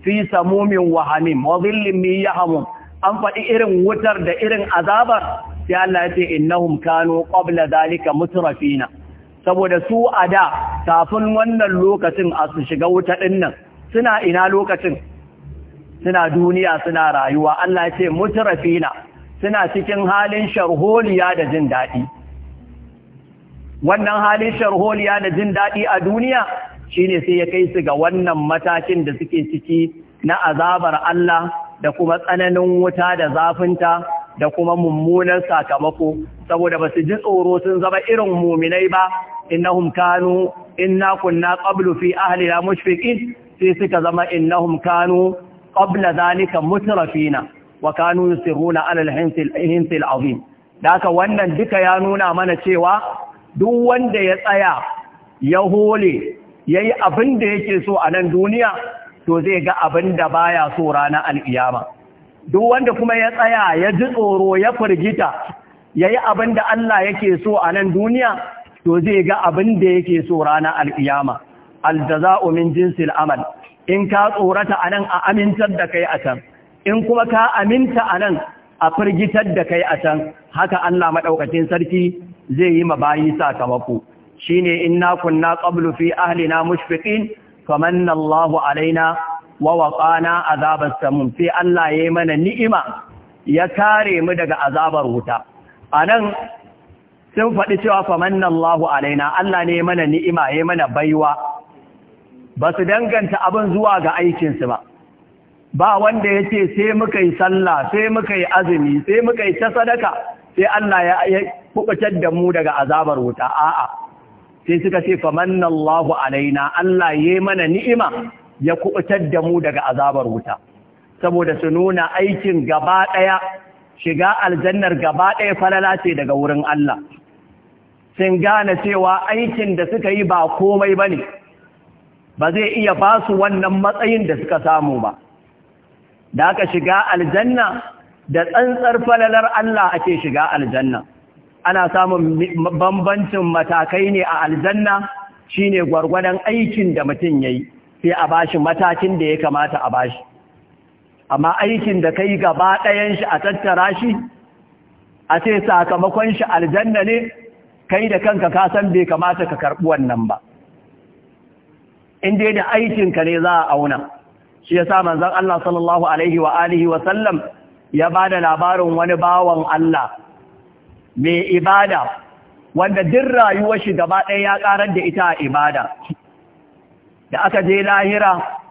fi samumin wahamin wa zillin an faɗi irin wutar da irin azabar sai Allah ya ce innahum kanu qabla zalika mutrafina saboda su a da kafin wannan lokacin a su shiga wuta ɗinnan, suna ina lokacin suna duniya suna rayuwa Allah ya ce mutrafina suna cikin halin sharholiya da jin daɗi wannan halin sharholiya da jin daɗi a duniya shi ne sai ya kai su ga wannan matakin da suke ciki na azabar Allah da kuma tsananin wuta da zafinta da kuma mummunan sakamako saboda ba su ji tsoro sun zama irin muminai ba innahum kanu inna kunna qablu fi ahlina mushfiqin sai suka zama innahum kanu qabla zalika mutrafina wa kanu yusirruna ala al-hinsi al-azim daka wannan duka ya nuna mana cewa duk wanda ya tsaya ya hole yayi abin da yake so a nan duniya to zai ga abin da baya so ranar alkiyama duk wanda kuma ya tsaya ya ji tsoro ya firgita yayi abin da Allah yake so a nan duniya to zai ga abin da yake so ranar alkiyama aljaza'u min jinsil amal in ka tsorata anan a amintar da kai a can in kuma ka aminta a nan a firgitar da kai a can haka Allah maɗaukacin sarki zai yi mabayi sakamako in na kunna ƙablu fi ahlina mushfiqin famanna Allahu alaina wa waqana azabar samun sai Allah yi mana ni'ima ya kare mu daga azabar wuta anan sun faɗi cewa famanna Allahu alaina Allah ne mana ni'ima yi mana baiwa ba su danganta abin zuwa ga aikinsu ba ba wanda ya ce sai muka yi sallah sai muka yi azumi sai muka yi ta sadaka sai Allah ya kubutar da mu daga azabar wuta a'a sai suka ce famanna Allahu alaina Allah yayi mana ni'ima ya kubutar da mu daga azabar wuta saboda su nuna aikin gaba daya shiga aljannar gaba daya falala ce daga wurin Allah sun gane cewa aikin da suka yi ba komai bane ba zai iya ba su wannan matsayin da suka samu ba da aka shiga aljanna da tsantsar falalar Allah ake shiga aljanna ana samun bambancin matakai ne a aljanna shine gwargwadon aikin da mutum yayi sai a bashi matakin da ya kamata a bashi amma aikin da kai gaba ɗayan shi a tattara shi a ce sakamakon shi aljanna ne kai da kanka ka san bai kamata ka karɓi wannan ba in dai da aikinka ne za a auna shi sa manzan Allah sallallahu alaihi wa alihi wa sallam ya da labarin wani bawan Allah mai ibada wanda duk rayuwar shi gaba ɗaya ya karar da ita a ibada da aka je lahira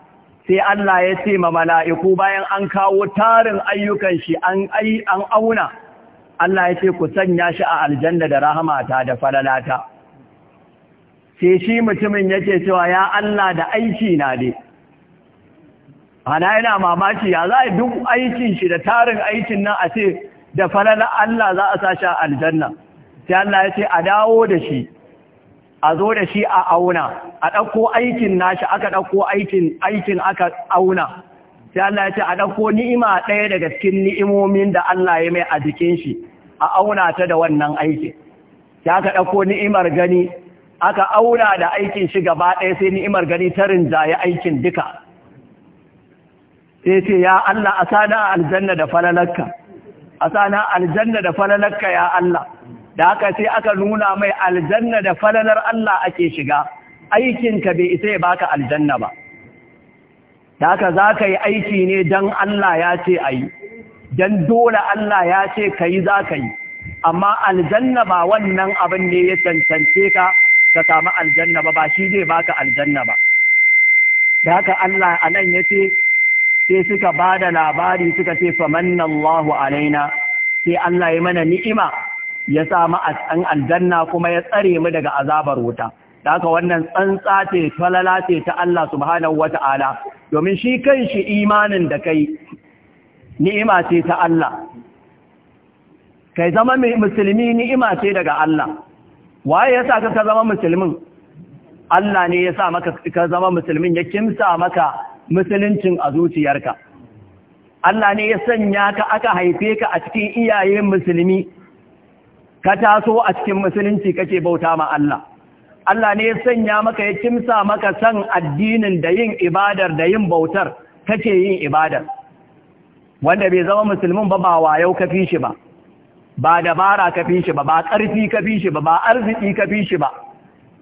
sai Allah ya ce ma mala'iku bayan an kawo tarin ayyukan shi an an auna Allah ya ce ku sanya shi a aljanna da rahamata da falalata sai shi mutumin ce cewa ya Allah da aiki na dai ana yana mamaki ya za a duk aikin shi da tarin aikin nan a ce da falala Allah za a sashi a aljanna sai Allah ya ce a dawo da shi a zo da shi a auna a ɗauko aikin nashi aka ɗauko aikin aikin aka auna sai Allah ya ce a ɗauko ni'ima ɗaya daga cikin ni'imomin da Allah ya mai a jikin shi a auna ta da wannan aikin sai aka ɗauko ni'imar gani aka auna da aikin shi gaba ɗaya sai ni'imar gani ta rinjaye aikin duka sai ce ya Allah a sana aljanna da falalarka a sana aljanna da falalarka ya Allah da haka sai aka nuna mai aljanna da falalar Allah ake shiga aikinka bai isa ya baka aljanna ba da haka za ka yi aiki ne don Allah ya ce a yi don dole Allah ya ce ka yi za ka yi amma aljanna ba wannan abin ne ya cancance ka ka sami aljanna ba ba shi zai baka aljanna ba da haka Allah a nan ya ce sai suka ba da labari suka ce famanna Allahu alaina sai Allah ya mana ni'ima ya sa mu a tsan aljanna kuma ya tsare mu daga azabar wuta da haka wannan tsantsa ce falala ce ta Allah subhanahu wata'ala domin shi kanshi imanin da kai ni'ima ce ta Allah kai zama musulmi ni'ima ce daga Allah waye yasa ka zama musulmin Allah ne ya sa maka ka zama musulmin ya kimsa maka musuluncin a zuciyarka Allah ne ya sanya ka aka haife ka a cikin iyaye musulmi ka taso a cikin musulunci kake bauta ma Allah Allah ne ya sanya maka ya kimsa maka san addinin da yin ibadar da yin bautar kake yin ibadar wanda bai zama musulmin ba ba wayau ka fi shi ba ba dabara ka fi shi ba ba ƙarfi ka fi shi ba ba arziki ka fi shi ba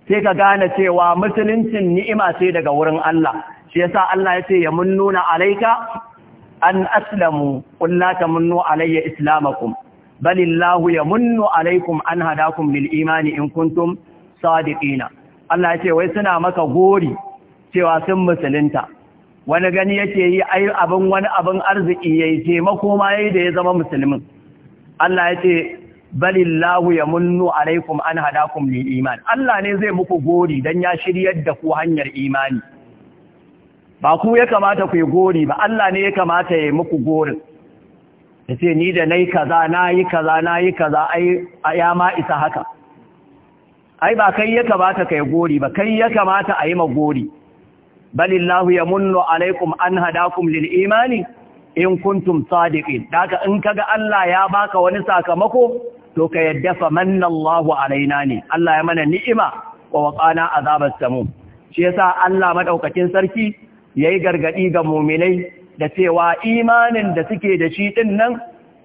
sai ka gane cewa musuluncin ni'ima sai daga wurin Allah shi yasa Allah ya ce ya munnuna alaika an aslamu qul la tamunnu alayya islamakum bal yamunnu alaikum an hadakum lil imani in kuntum sadiqina Allah ya ce wai suna maka gori cewa sun musulunta wani gani yake yi ai abin wani abin arziki yayi taimako ma yayi da ya zama musulmin Allah ya ce balillahu yamunnu alaikum an hadakum lil iman Allah ne zai muku gori dan ya shiryar da ku hanyar imani ba ku ya kamata ku yi gori ba Allah ne ya kamata ya yi muku gorin ya ce ni da na yi kaza na yi kaza na yi kaza ya ma isa haka ai ba kai ya kamata ka yi gori ba kai ya kamata a yi ma gori balillahu ya munno alaikum an hadakum lil imani in kuntum sadiqin daga in kaga Allah ya baka wani sakamako to ka yadda fa mannallahu alaina ne Allah ya mana ni'ima wa waqana azabas samum shi yasa Allah madaukakin sarki ya yi gargaɗi ga muminai da cewa imanin da suke da shi ɗin nan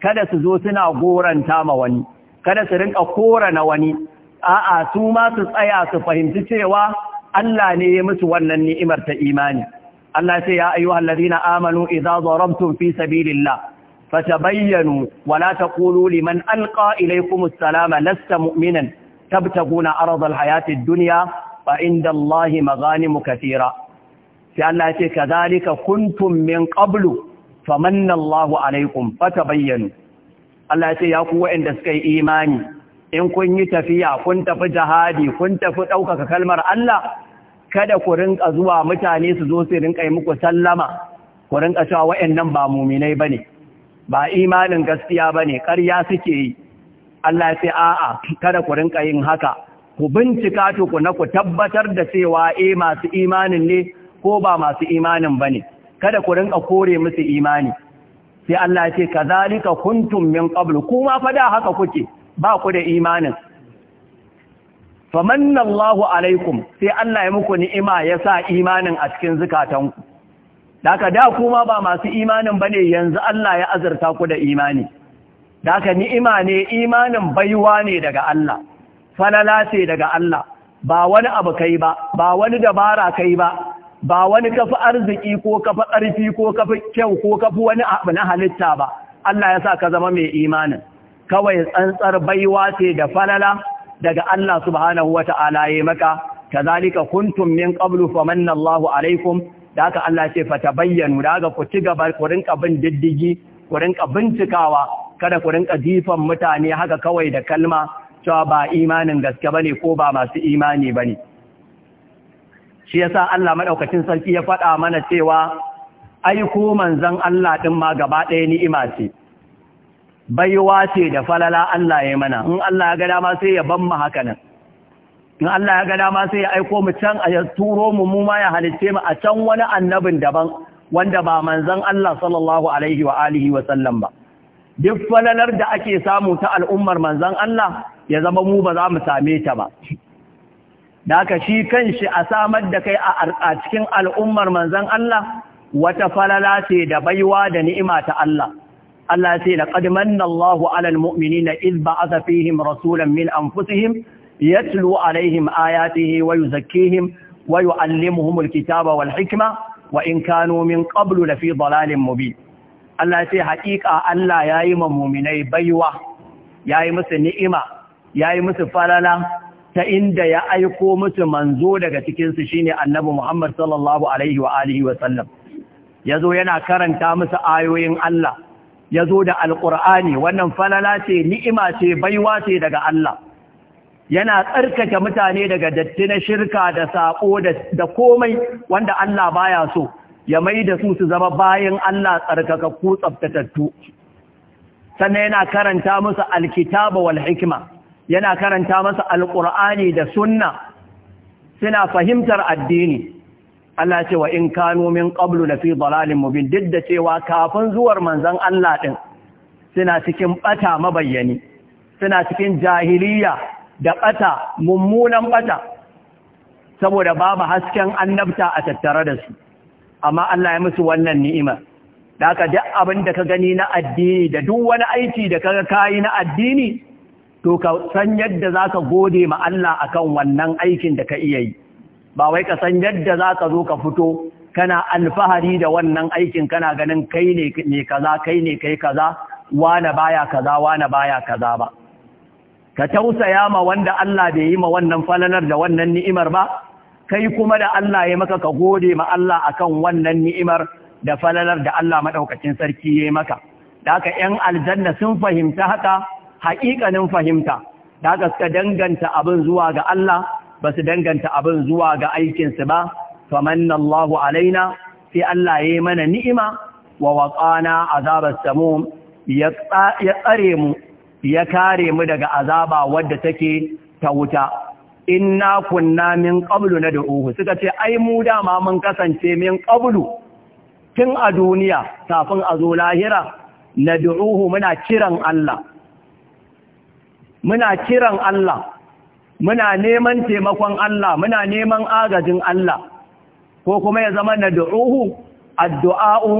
kada su zo suna goranta ma wani kada su rinka korana wani a'a su ma su tsaya su fahimci cewa Allah ne ya musu wannan ni'imar ta imani Allah sai ya ayyuhal ladina amanu idza darabtum fi sabilillah fatabayyanu wa la taqulu liman alqa ilaykum assalama lasta mu'minan tabtaguna arada alhayati ad-dunya fa inda Allahi mu katira sai Allah ya ce kadhalika kuntum min qablu famanna Allahu alaikum fatabayyanu Allah ya ce ya ku waɗanda suka yi imani in kun yi tafiya kun tafi jihadi kun tafi ɗaukaka kalmar Allah kada ku rinka zuwa mutane su zo su rinka yi muku sallama ku rinka cewa waɗannan ba muminai bane ba imanin gaskiya bane ƙarya suke yi Allah ya ce a'a kada ku rinka yin haka ku bincika na ku tabbatar da cewa eh masu imanin ne ko ba masu imanin bane kada ku rinka kore musu imani sai Allah ce kazalika kuntum min qablu kuma fa da haka kuke ba ku da imanin famanna Allahu alaikum sai Allah ya muku ni'ima ya sa imanin a cikin zukatanku daka da kuma ba masu imanin bane yanzu Allah ya azurta ku da imani daka ni'ima ne imanin baiwa ne daga Allah falala ce daga Allah ba wani abu kai ba ba wani dabara kai ba ba wani kafi arziki ko kafi ƙarfi ko kafi kyau ko kafi wani abu na halitta ba Allah ya sa ka zama mai imanin kawai tsantsar baiwa ce da falala daga Allah subhanahu wata'ala ya maka kazalika kuntum min qablu famanna Allahu alaikum da haka Allah ce fa tabayyanu da haka ku ci gaba ku rinka bin diddigi ku rinka bincikawa kada ku rinka jifan mutane haka kawai da kalma cewa ba imanin gaske bane ko ba masu imani bane shi yasa Allah madaukakin sarki ya faɗa mana cewa aiko manzon Allah din ma gaba ɗaya ni'ima ce baiwa ce da falala Allah ya mana in Allah ya ga dama sai ya ban mu haka nan in Allah ya ga dama sai ya aiko mu can a ya turo mu mu ma ya halitte mu a can wani annabin daban wanda ba manzon Allah sallallahu alaihi wa alihi wa sallam ba duk falalar da ake samu ta al'ummar manzon Allah ya zama mu ba za mu same ta ba da haka shi kanshi a samar da kai a cikin al'ummar manzan Allah wata falala ce da baiwa da ni'ima ta Allah Allah ce da na Allahu alal mu'minina id ba'atha fihim rasulan min anfusihim yatlu alaihim ayatihi wa yuzakkihim wa yu'allimuhumul kitaba wal hikima wa in kanu min da fi dalalin mubin Allah ce haƙiƙa Allah yayi ma mu'minai baiwa yi musu ni'ima yayi musu falala ta inda ya aiko musu manzo daga cikinsu shine annabi Muhammad sallallahu alaihi wa alihi yazo yana karanta musu ayoyin Allah yazo da alqur'ani wannan falala ce ni'ima ce baiwa ce daga Allah yana tsarkake mutane daga datti na shirka da saƙo da komai wanda Allah baya so ya mai da su su zama bayan Allah tsarkakakku tsaftatattu sannan yana karanta musu alkitaba wal yana karanta masa alƙur'ani da sunna suna fahimtar addini Allah ce wa in kanu min qablu lafi dalalin mubin duk da cewa kafin zuwar manzon Allah din suna cikin bata mabayyani suna cikin jahiliya da bata mummunan bata saboda babu hasken annabta a tattare da su amma Allah ya musu wannan ni'ima da haka duk abin da ka gani na addini da duk wani aiki da kaga kayi na addini to ka san yadda za ka gode ma Allah a kan wannan aikin da ka iya yi ba wai ka san yadda za ka zo ka fito kana alfahari da wannan aikin kana ganin kai ne ne kaza kai ne kai kaza wane baya kaza wane baya kaza ba ka tausaya ma wanda Allah bai yi ma wannan falalar da wannan ni'imar ba kai kuma da Allah ya maka ka gode ma Allah akan wannan ni'imar da falalar da Allah madaukakin sarki ya maka da haka 'yan aljanna sun fahimta haka haƙiƙanin fahimta da aka suka danganta abin zuwa ga Allah ba su danganta abin zuwa ga aikinsu ba Kamar Allahu alaina sai Allah ya yi mana ni'ima wa a azabar samu, ya tsare mu ya kare mu daga azaba wadda take ta wuta inna kunna min na nad'uhu suka ce ai mu dama mun kasance min qablu tun a duniya kafin a zo lahira na nad'uhu muna kiran Allah muna kiran Allah muna neman taimakon Allah muna neman agajin Allah ko kuma ya zama na du'uhu addu'a'u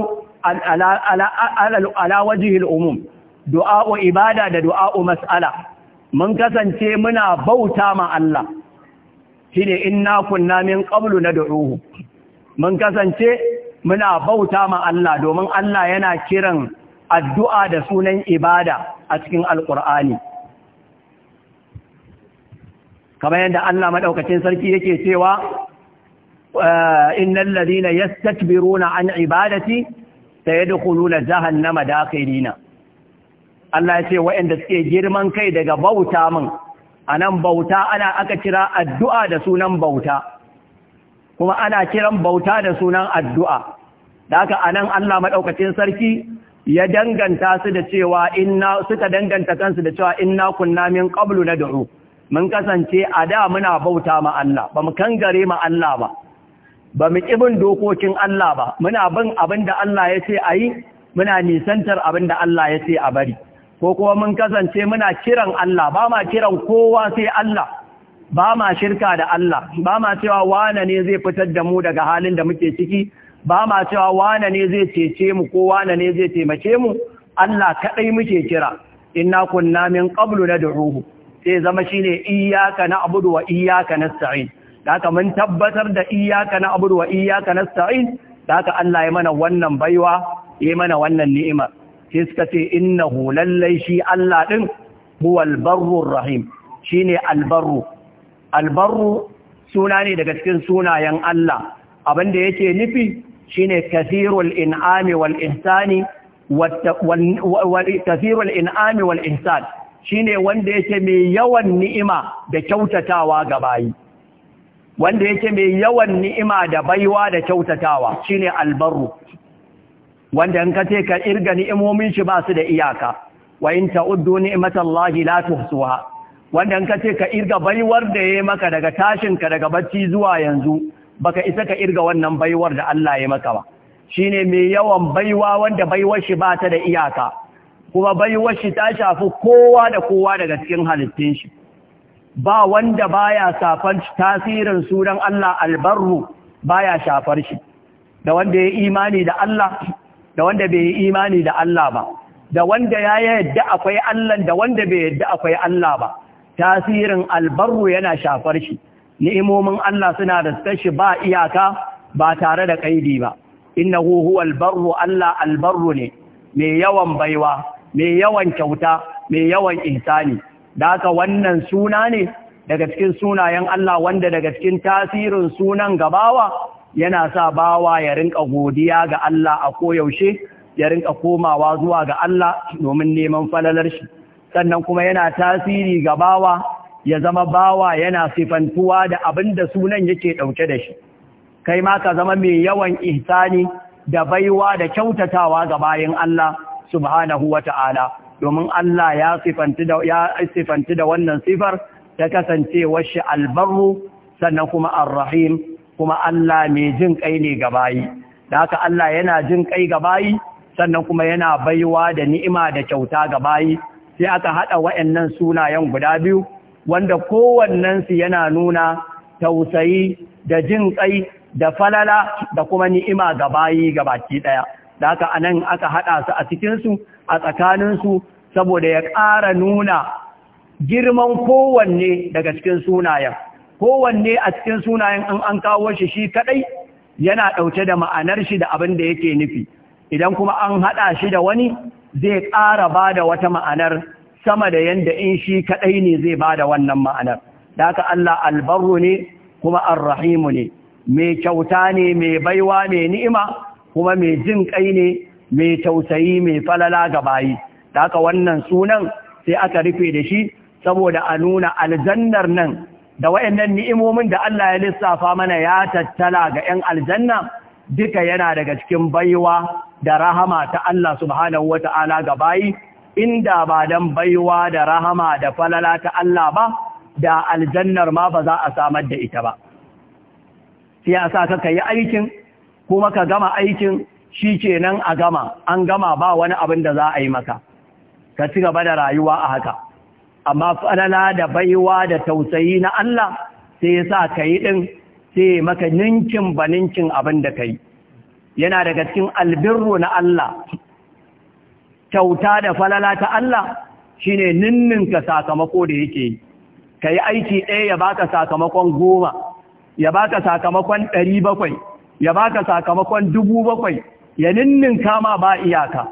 ala wajihil umum du'a'u ibada da du'a'u mas'ala mun kasance muna bauta ma Allah shine inna kunna min qablu nad'uhu mun kasance muna bauta ma Allah domin Allah yana kiran addu'a da sunan ibada a cikin alqur'ani kamar yadda Allah madaukakin sarki yake cewa eh, innal ladina yastakbiruna an ibadati sayadkhuluna jahannama dakhirina Allah ya ce wa'inda suke girman kai daga bauta min anan bauta ana aka kira addu'a da sunan bauta kuma ana kiran bauta da sunan addu'a da haka anan Allah maɗaukacin sarki ya danganta su da cewa inna suka danganta kansu da cewa inna kunna min qablu nad'u mun kasance a da muna bauta ma Allah ba mu kangare ma Allah ba ba mu bin dokokin Allah ba muna bin abin da Allah ya ce a yi muna nisantar abin da Allah ya ce a bari ko kuma mun kasance muna kiran Allah ba ma kiran kowa sai Allah ba ma shirka da Allah ba ma cewa wane ne zai fitar da mu daga halin da muke ciki ba ma cewa wane ne zai cece mu ko wane ne zai taimake mu Allah kaɗai muke kira inna kunna min qablu nad'uhu sai zama shine na abudu wa iyyaka nasta'in haka mun tabbatar da na abudu wa iyyaka nasta'in haka Allah ya mana wannan baiwa ya mana wannan ni'imar sai suka ce innahu hulallai shi Allah ɗin? huwal albarru rahim ne albarru albarru suna ne daga cikin sunayen Allah abinda yake nufi shine kathirul in'ami wal ihsani wal kathirul in'ami wal ihsan shine wanda yake mai yawan ni'ima da kyautatawa ga bayi wanda yake mai yawan ni'ima da baiwa da kyautatawa shine albarru wanda in ka ce ka irga ni'imomin shi ba su da iyaka wa in ta'uddu ni'matallahi la tuhsuha wanda in ka ce ka irga baiwar da yayi maka daga tashin ka daga bacci zuwa yanzu baka isa ka irga wannan baiwar da Allah ya maka ba shine mai yawan baiwa wanda baiwar shi ba ta da iyaka kuma baiwar shi ta shafi kowa da kowa daga cikin halittun shi ba wanda baya safar tasirin sunan Allah albarru baya shafar shi da wanda ya imani da Allah da wanda bai imani da Allah ba da wanda ya yadda akwai Allah da wanda bai yadda akwai Allah ba tasirin albarru yana shafar shi ni'imomin Allah suna da tsashi ba iyaka ba tare da kaidi ba innahu huwal barru Allah albarru ne mai yawan baiwa mai yawan kyauta mai yawan ihsani da haka wannan suna ne daga cikin sunayen Allah wanda daga cikin tasirin sunan gabawa yana sa bawa ya rinka godiya ga Allah a koyaushe ya rinka komawa zuwa ga Allah domin neman falalar shi sannan kuma yana tasiri ga bawa ya zama bawa yana sifantuwa da abin da sunan yake ɗauke da shi kai ma ka zama mai yawan ihsani da baiwa da kyautatawa ga bayin Allah subhanahu wa ta'ala domin Allah ya sifanti da wannan sifar ta kasancewar shi albarru sannan kuma arrahim kuma Allah mai jin kai ne ga bayi da haka Allah yana jin kai ga bayi sannan kuma yana baiwa da ni'ima da kyauta ga bayi sai aka haɗa wa'annan sunayen guda biyu wanda kowannensu yana nuna tausayi da jin kai da falala da kuma ni'ima ga bayi ga ɗaya da aka anan aka haɗa su a cikinsu a tsakaninsu saboda ya ƙara nuna girman kowanne daga cikin sunayen kowanne a cikin sunayen an an kawo shi shi kaɗai yana ɗauke da ma'anar shi da abin da yake nufi idan kuma an haɗa shi da wani zai ƙara ba da wata ma'anar sama da yanda in shi kaɗai ne zai ba da wannan ma'anar da aka Allah albarru ne kuma arrahimu ne mai kyauta ne mai baiwa mai ni'ima kuma mai jin kai ne mai tausayi mai falala ga bayi da haka wannan sunan sai aka rufe da shi saboda a nuna aljannar nan da wayannan ni'imomin da Allah ya lissafa mana ya tattala ga 'yan aljanna duka yana daga cikin baiwa da rahama ta Allah subhanahu wata'ala ga bayi inda ba dan baiwa da rahama da falala ta Allah ba da aljannar ma ba za a samar da ita ba Siyasa ka yi aikin kuma ka gama aikin shi kenan a gama an gama ba wani abin da za a yi maka ka ci gaba da rayuwa a haka amma falala da baiwa da tausayi na Allah sai ya sa ka yi ɗin sai maka ninkin ba ninkin abin da ka yi yana daga cikin albirru na Allah kyauta da falala ta Allah shine ninninka sakamako da yake yi ka yi aiki ɗaya ya baka sakamakon goma ya baka sakamakon ɗari bakwai ya baka sakamakon dubu bakwai ya ninnin kama ba iyaka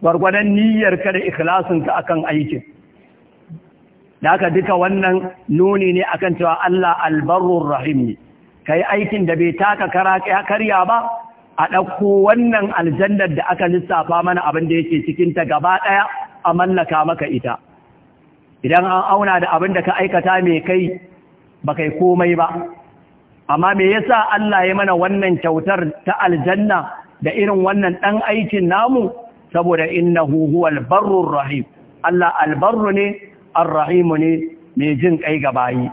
gwargwadon niyyarka da ikhlasinka akan aikin da aka duka wannan nuni ne akan cewa Allah albarrun rahim ne Ka yi aikin da bai taka kara ya karya ba a ɗauko wannan aljannar da aka lissafa mana abin da yake cikinta gaba ɗaya a mallaka maka ita idan an auna da abin da ka aikata mai kai ba kai komai ba amma me yasa Allah ya mana wannan kyautar ta aljanna da irin wannan dan aikin namu saboda innahu huwal barrur rahim Allah albarru ne arrahimu ne mai jin kai ga bayi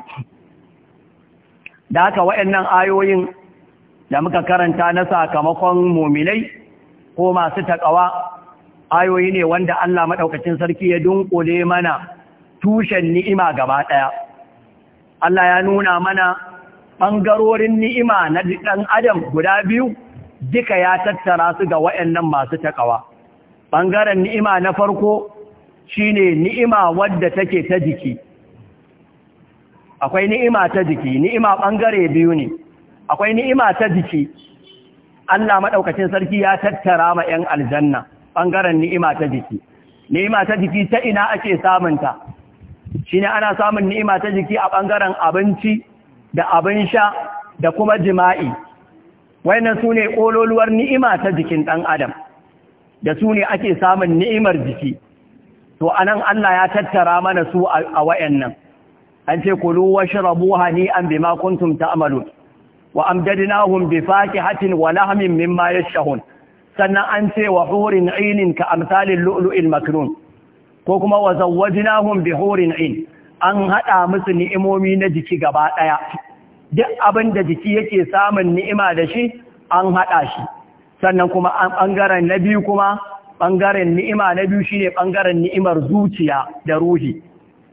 da haka waɗannan ayoyin da muka karanta na sakamakon muminai ko masu takawa ayoyi ne wanda Allah maɗaukacin sarki ya dunkule mana tushen ni'ima gaba ɗaya Allah ya nuna mana ɓangarorin ni'ima na ɗan adam guda biyu duka ya tattara su ga waɗannan masu takawa ɓangaren ni'ima na farko shi ne ni'ima wadda take ta jiki akwai ni'ima ta jiki ni'ima ɓangare biyu ne akwai ni'ima ta jiki Allah maɗaukacin sarki ya tattara ma 'yan aljanna ɓangaren ni'ima ta jiki ni'ima ta jiki ta ina ake samunta shi ne ana samun ni'ima ta jiki a ɓangaren abinci da abin sha da kuma jima'i wayannan su ne ƙololuwar ni'ima ta jikin ɗan adam da su ne ake samun ni'imar jiki to anan Allah ya tattara mana su a wayannan an ce kulu an bi bima ta ta'malun wa amdadnahum bi fakihatin wa lahmin mimma yashahun sannan an ce wa hurin ainin ka amsalin lu'lu'il maknun ko kuma wa zawwajnahum bi hurin ain an haɗa musu ni'imomi na jiki gaba ɗaya duk abin da jiki yake samun ni'ima da shi an haɗa shi sannan kuma ɓangaren na biyu kuma ɓangaren ni'ima na biyu shine ɓangaren ni'imar zuciya da ruhi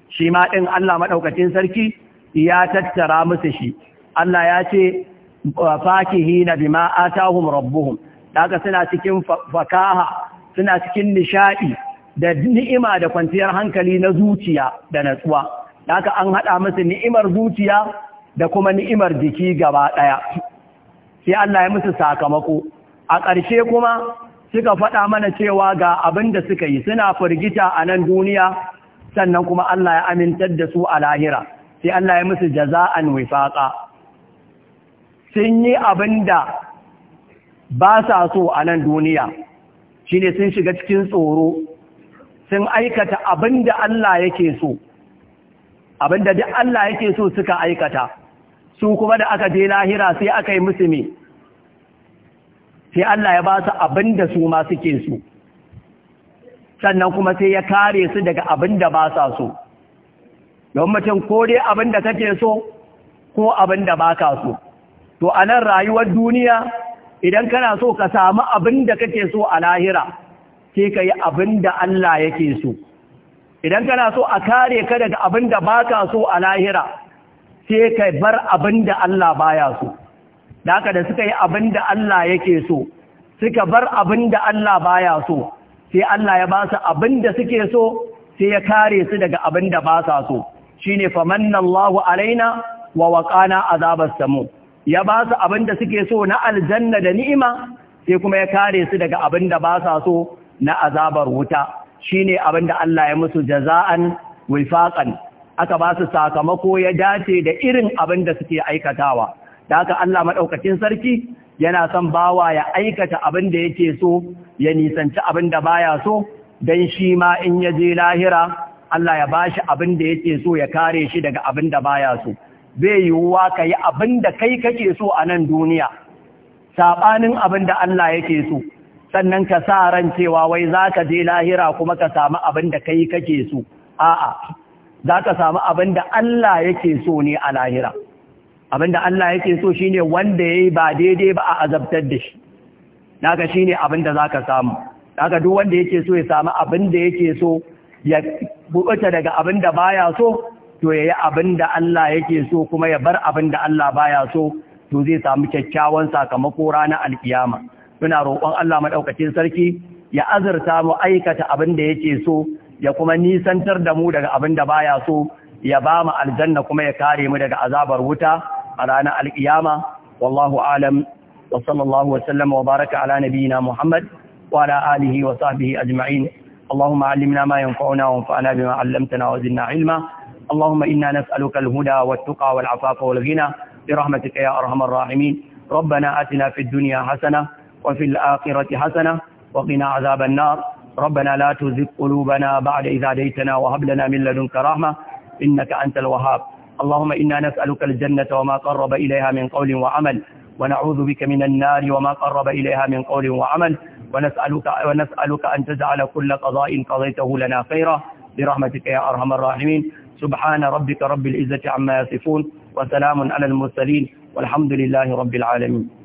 shi ma ɗin Allah maɗaukacin sarki ya tattara musu shi Allah ya ce fakihi na bima atahum rabbuhum daga suna cikin fakaha suna cikin nishaɗi da ni'ima da kwanciyar hankali na zuciya da natsuwa haka an haɗa musu ni'imar zuciya da kuma ni'imar jiki gaba ɗaya sai Allah ya musu sakamako a ƙarshe kuma suka faɗa mana cewa ga abin da suka yi suna firgita a nan duniya sannan kuma Allah ya amintar da su a lahira sai Allah ya musu jaza'an wifaqa sun yi abin da ba sa so a nan duniya shine sun shiga cikin tsoro sun aikata abin da Allah yake so abin da duk Allah yake so suka aikata su kuma da aka je lahira sai aka yi musu sai Allah ya ba su abin da su ma suke so sannan kuma sai ya kare su daga abin da ba sa so don mutum ko dai abin da kake so ko abin da ba ka so to a nan rayuwar duniya idan kana so ka samu abin da kake so a lahira sai ka yi abin da Allah yake so idan kana so a kare ka daga abin da ba ka so a lahira sai ka bar abin da Allah baya so da haka da suka yi abin da Allah yake so suka bar abin da Allah baya so sai Allah ya ba su abin da suke so sai ya kare su daga abin da ba sa so shine famanna alaina wa waqana azabas samu ya ba su abin da suke so na aljanna da ni'ima sai kuma ya kare su daga abin da ba sa so na azabar wuta shine abin da Allah ya musu jaza'an wifaqan aka ba su sakamako ya dace da irin abin da suke aikatawa da haka Allah madaukakin sarki yana son bawa ya aikata abin da yake so ya nisanci abin da baya so dan shi ma in ya je lahira Allah ya bashi abin da yake so ya kare shi daga abin da baya so bai yiwuwa ka yi abin da kai kake so a nan duniya saɓanin abin da Allah yake so sannan ka sa ran cewa wai za ka je lahira kuma ka samu abin da kai kake so a'a za ka samu abin da Allah yake so ne a lahira abin da Allah yake so shine wanda yayi ba daidai ba a azabtar da shi naka shine abin da za ka samu naka duk wanda yake so ya samu abin da yake so ya buɓuta daga abin da baya so to ya yi abin da Allah yake so kuma ya bar abin da Allah baya so to zai samu kyakkyawan sakamako ranar alkiyama muna roƙon Allah maɗaukacin sarki ya azurta mu aikata abin da yake so ya kuma nisantar da mu daga abin da baya so ya ba mu aljanna kuma ya kare mu daga azabar wuta a ranar alkiyama wallahu alam wa sallallahu wa sallama wa baraka ala nabiyyina muhammad wa ala alihi wa sahbihi ajma'in اللهم علمنا ما ينفعنا وانفعنا بما علمتنا وزدنا علما اللهم إنا نسألك الهدى والتقى والعفاف والغنى برحمتك ya arhamar rahimin ربنا أتنا في الدنيا حسنة وفي الآخرة حسنة وقنا عذاب النار ربنا لا تزغ قلوبنا بعد إذ هديتنا وهب لنا من لدنك رحمة إنك أنت الوهاب اللهم إنا نسألك الجنة وما قرب إليها من قول وعمل ونعوذ بك من النار وما قرب إليها من قول وعمل ونسألك, ونسألك أن تجعل كل قضاء قضيته لنا خيرا برحمتك يا أرحم الراحمين سبحان ربك رب العزة عما يصفون وسلام على المرسلين والحمد لله رب العالمين